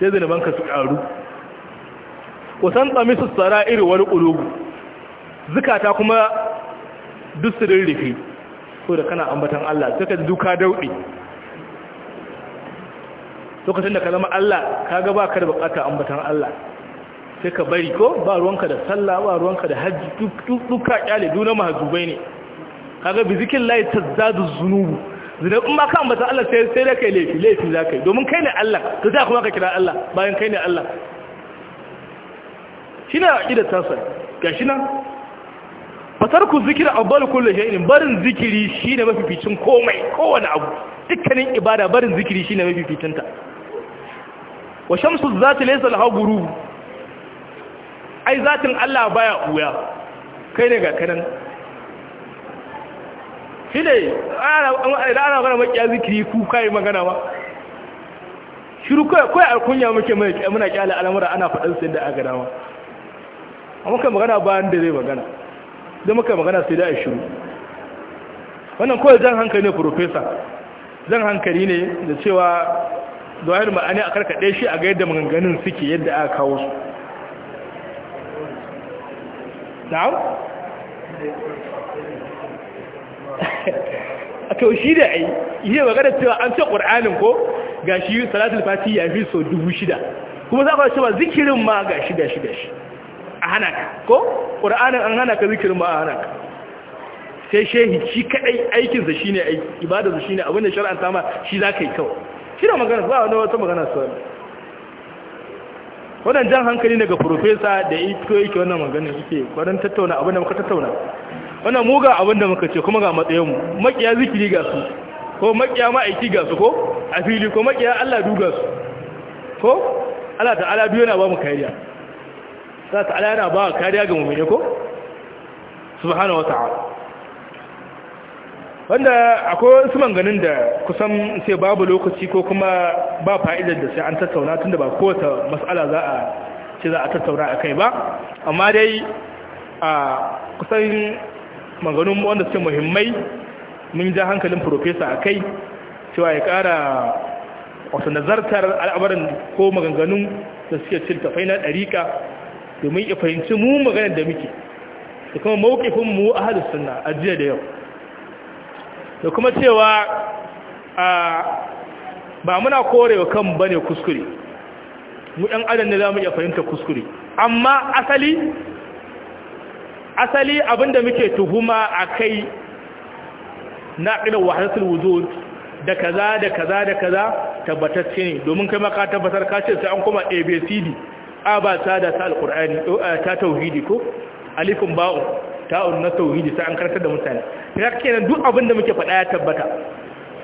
sai zunubanka su karu wasan tsami su tsara iri wani ƙulubu zukata kuma duk su rirrifi Ko da kana ambatan Allah suka duka dauɗi lokacin da ka zama Allah ka gaba ka da bukata ambatan Allah sai ka bari ko ba ruwanka da sallah ba ruwanka da hajji duka kyale duna mahajubai ne kaga bi zikin layi tazzadu zunubu zina in ma ka ambata Allah sai sai dai kai laifi laifi za yi domin kai ne Allah to sai kuma ka kira Allah bayan kai ne Allah Shi ne a shine aqida tasar gashi nan ku zikira abbal kullu shay'in barin zikiri shi ne mafificin komai kowane abu dukkanin ibada barin zikiri shi ne mafificinta wa shamsu zati laysa laha lahaguru. ai zatin Allah baya ɓuya, kai ne ga kanan shi ne idan ana magana makiya zikiri ku kai magana ba shiru kawai kawai alkunya muke muna kyale al'amura ana faɗin sai da a gada amma kai magana bayan da zai magana da muka magana sai da a shiru wannan kawai zan hankali ne profesa zan hankali ne da cewa zuwa ma'ani a karkaɗe shi a ga yadda maganganun suke yadda aka kawo su na'am (laughs) to shi da ai yi magana cewa an ce ƙur'anin ko ga shi salatul fati ya fi so dubu shida kuma za ka cewa zikirin ma ga shi ga shi ga shi a hana ka ko ƙur'anin an hana ka zikirin ma a hana ka sai shehi shi kaɗai aikinsa shi ne aiki ibadarsa shi ne abinda shara'anta ma shi za ka yi kawai shi da magana ba wani wata magana su wani wannan jan hankali daga profesa da ito yake wannan maganin yake wannan tattauna abin da muka tattauna wannan muga abin da muka ce kuma ga matsayinmu makiya zikiri ga su ko makiya ma'aiki ga su ko a fili ko makiya Allah ga su ko Allah ala biyu yana ba mu kariya ta ala yana ba kariya ga mu ne ko subhanahu wa ta'ala wanda akwai wasu manganin da kusan sai babu lokaci ko kuma ba fa'idar da sai an tattauna tun da ba kowace matsala za a ce za a tattauna a kai ba amma dai a kusan manganin wanda suke muhimmai mun ja hankalin profesa a kai cewa ya ƙara wasu nazartar al'amarin ko maganganun da suke cin tafai na ɗariƙa domin ya fahimci mu maganar da muke da kuma mawukifin mu a halittun na ajiya da yau da kuma cewa ba muna korewa kan bane kuskure mu ɗan adam ne za mu iya fahimta kuskure amma asali asali abinda muke tuhuma a kai na ƙirar wahalatul wujud da kaza da kaza da kaza tabbatacce ne domin kai maka tabbatar ka ce sai an kuma abcd a ba ta da ta ta tauhidi ko alifin ba'u ta'un na tauhidi sai an karkar da mutane kira kenan duk abin da muke faɗa ya tabbata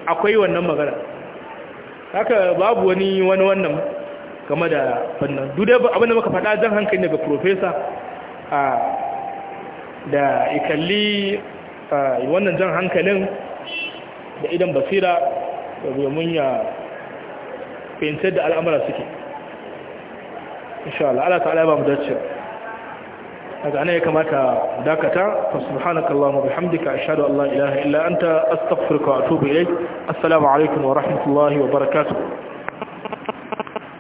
akwai wannan magana haka babu wani wani wannan game da fannin duk abin da muka faɗa zan hankali daga profesa, a da ikalli wannan jan hankalin da idan basira da domin ya fahimtar da al'amura suke insha Allah Allah ta'ala ba mu dace daga ana ya kamata dakata fa subhanakallahumma bihamdika ashhadu an la ilaha illa anta astaghfiruka wa atubu ilayk assalamu alaikum wa rahmatullahi wa
barakatuh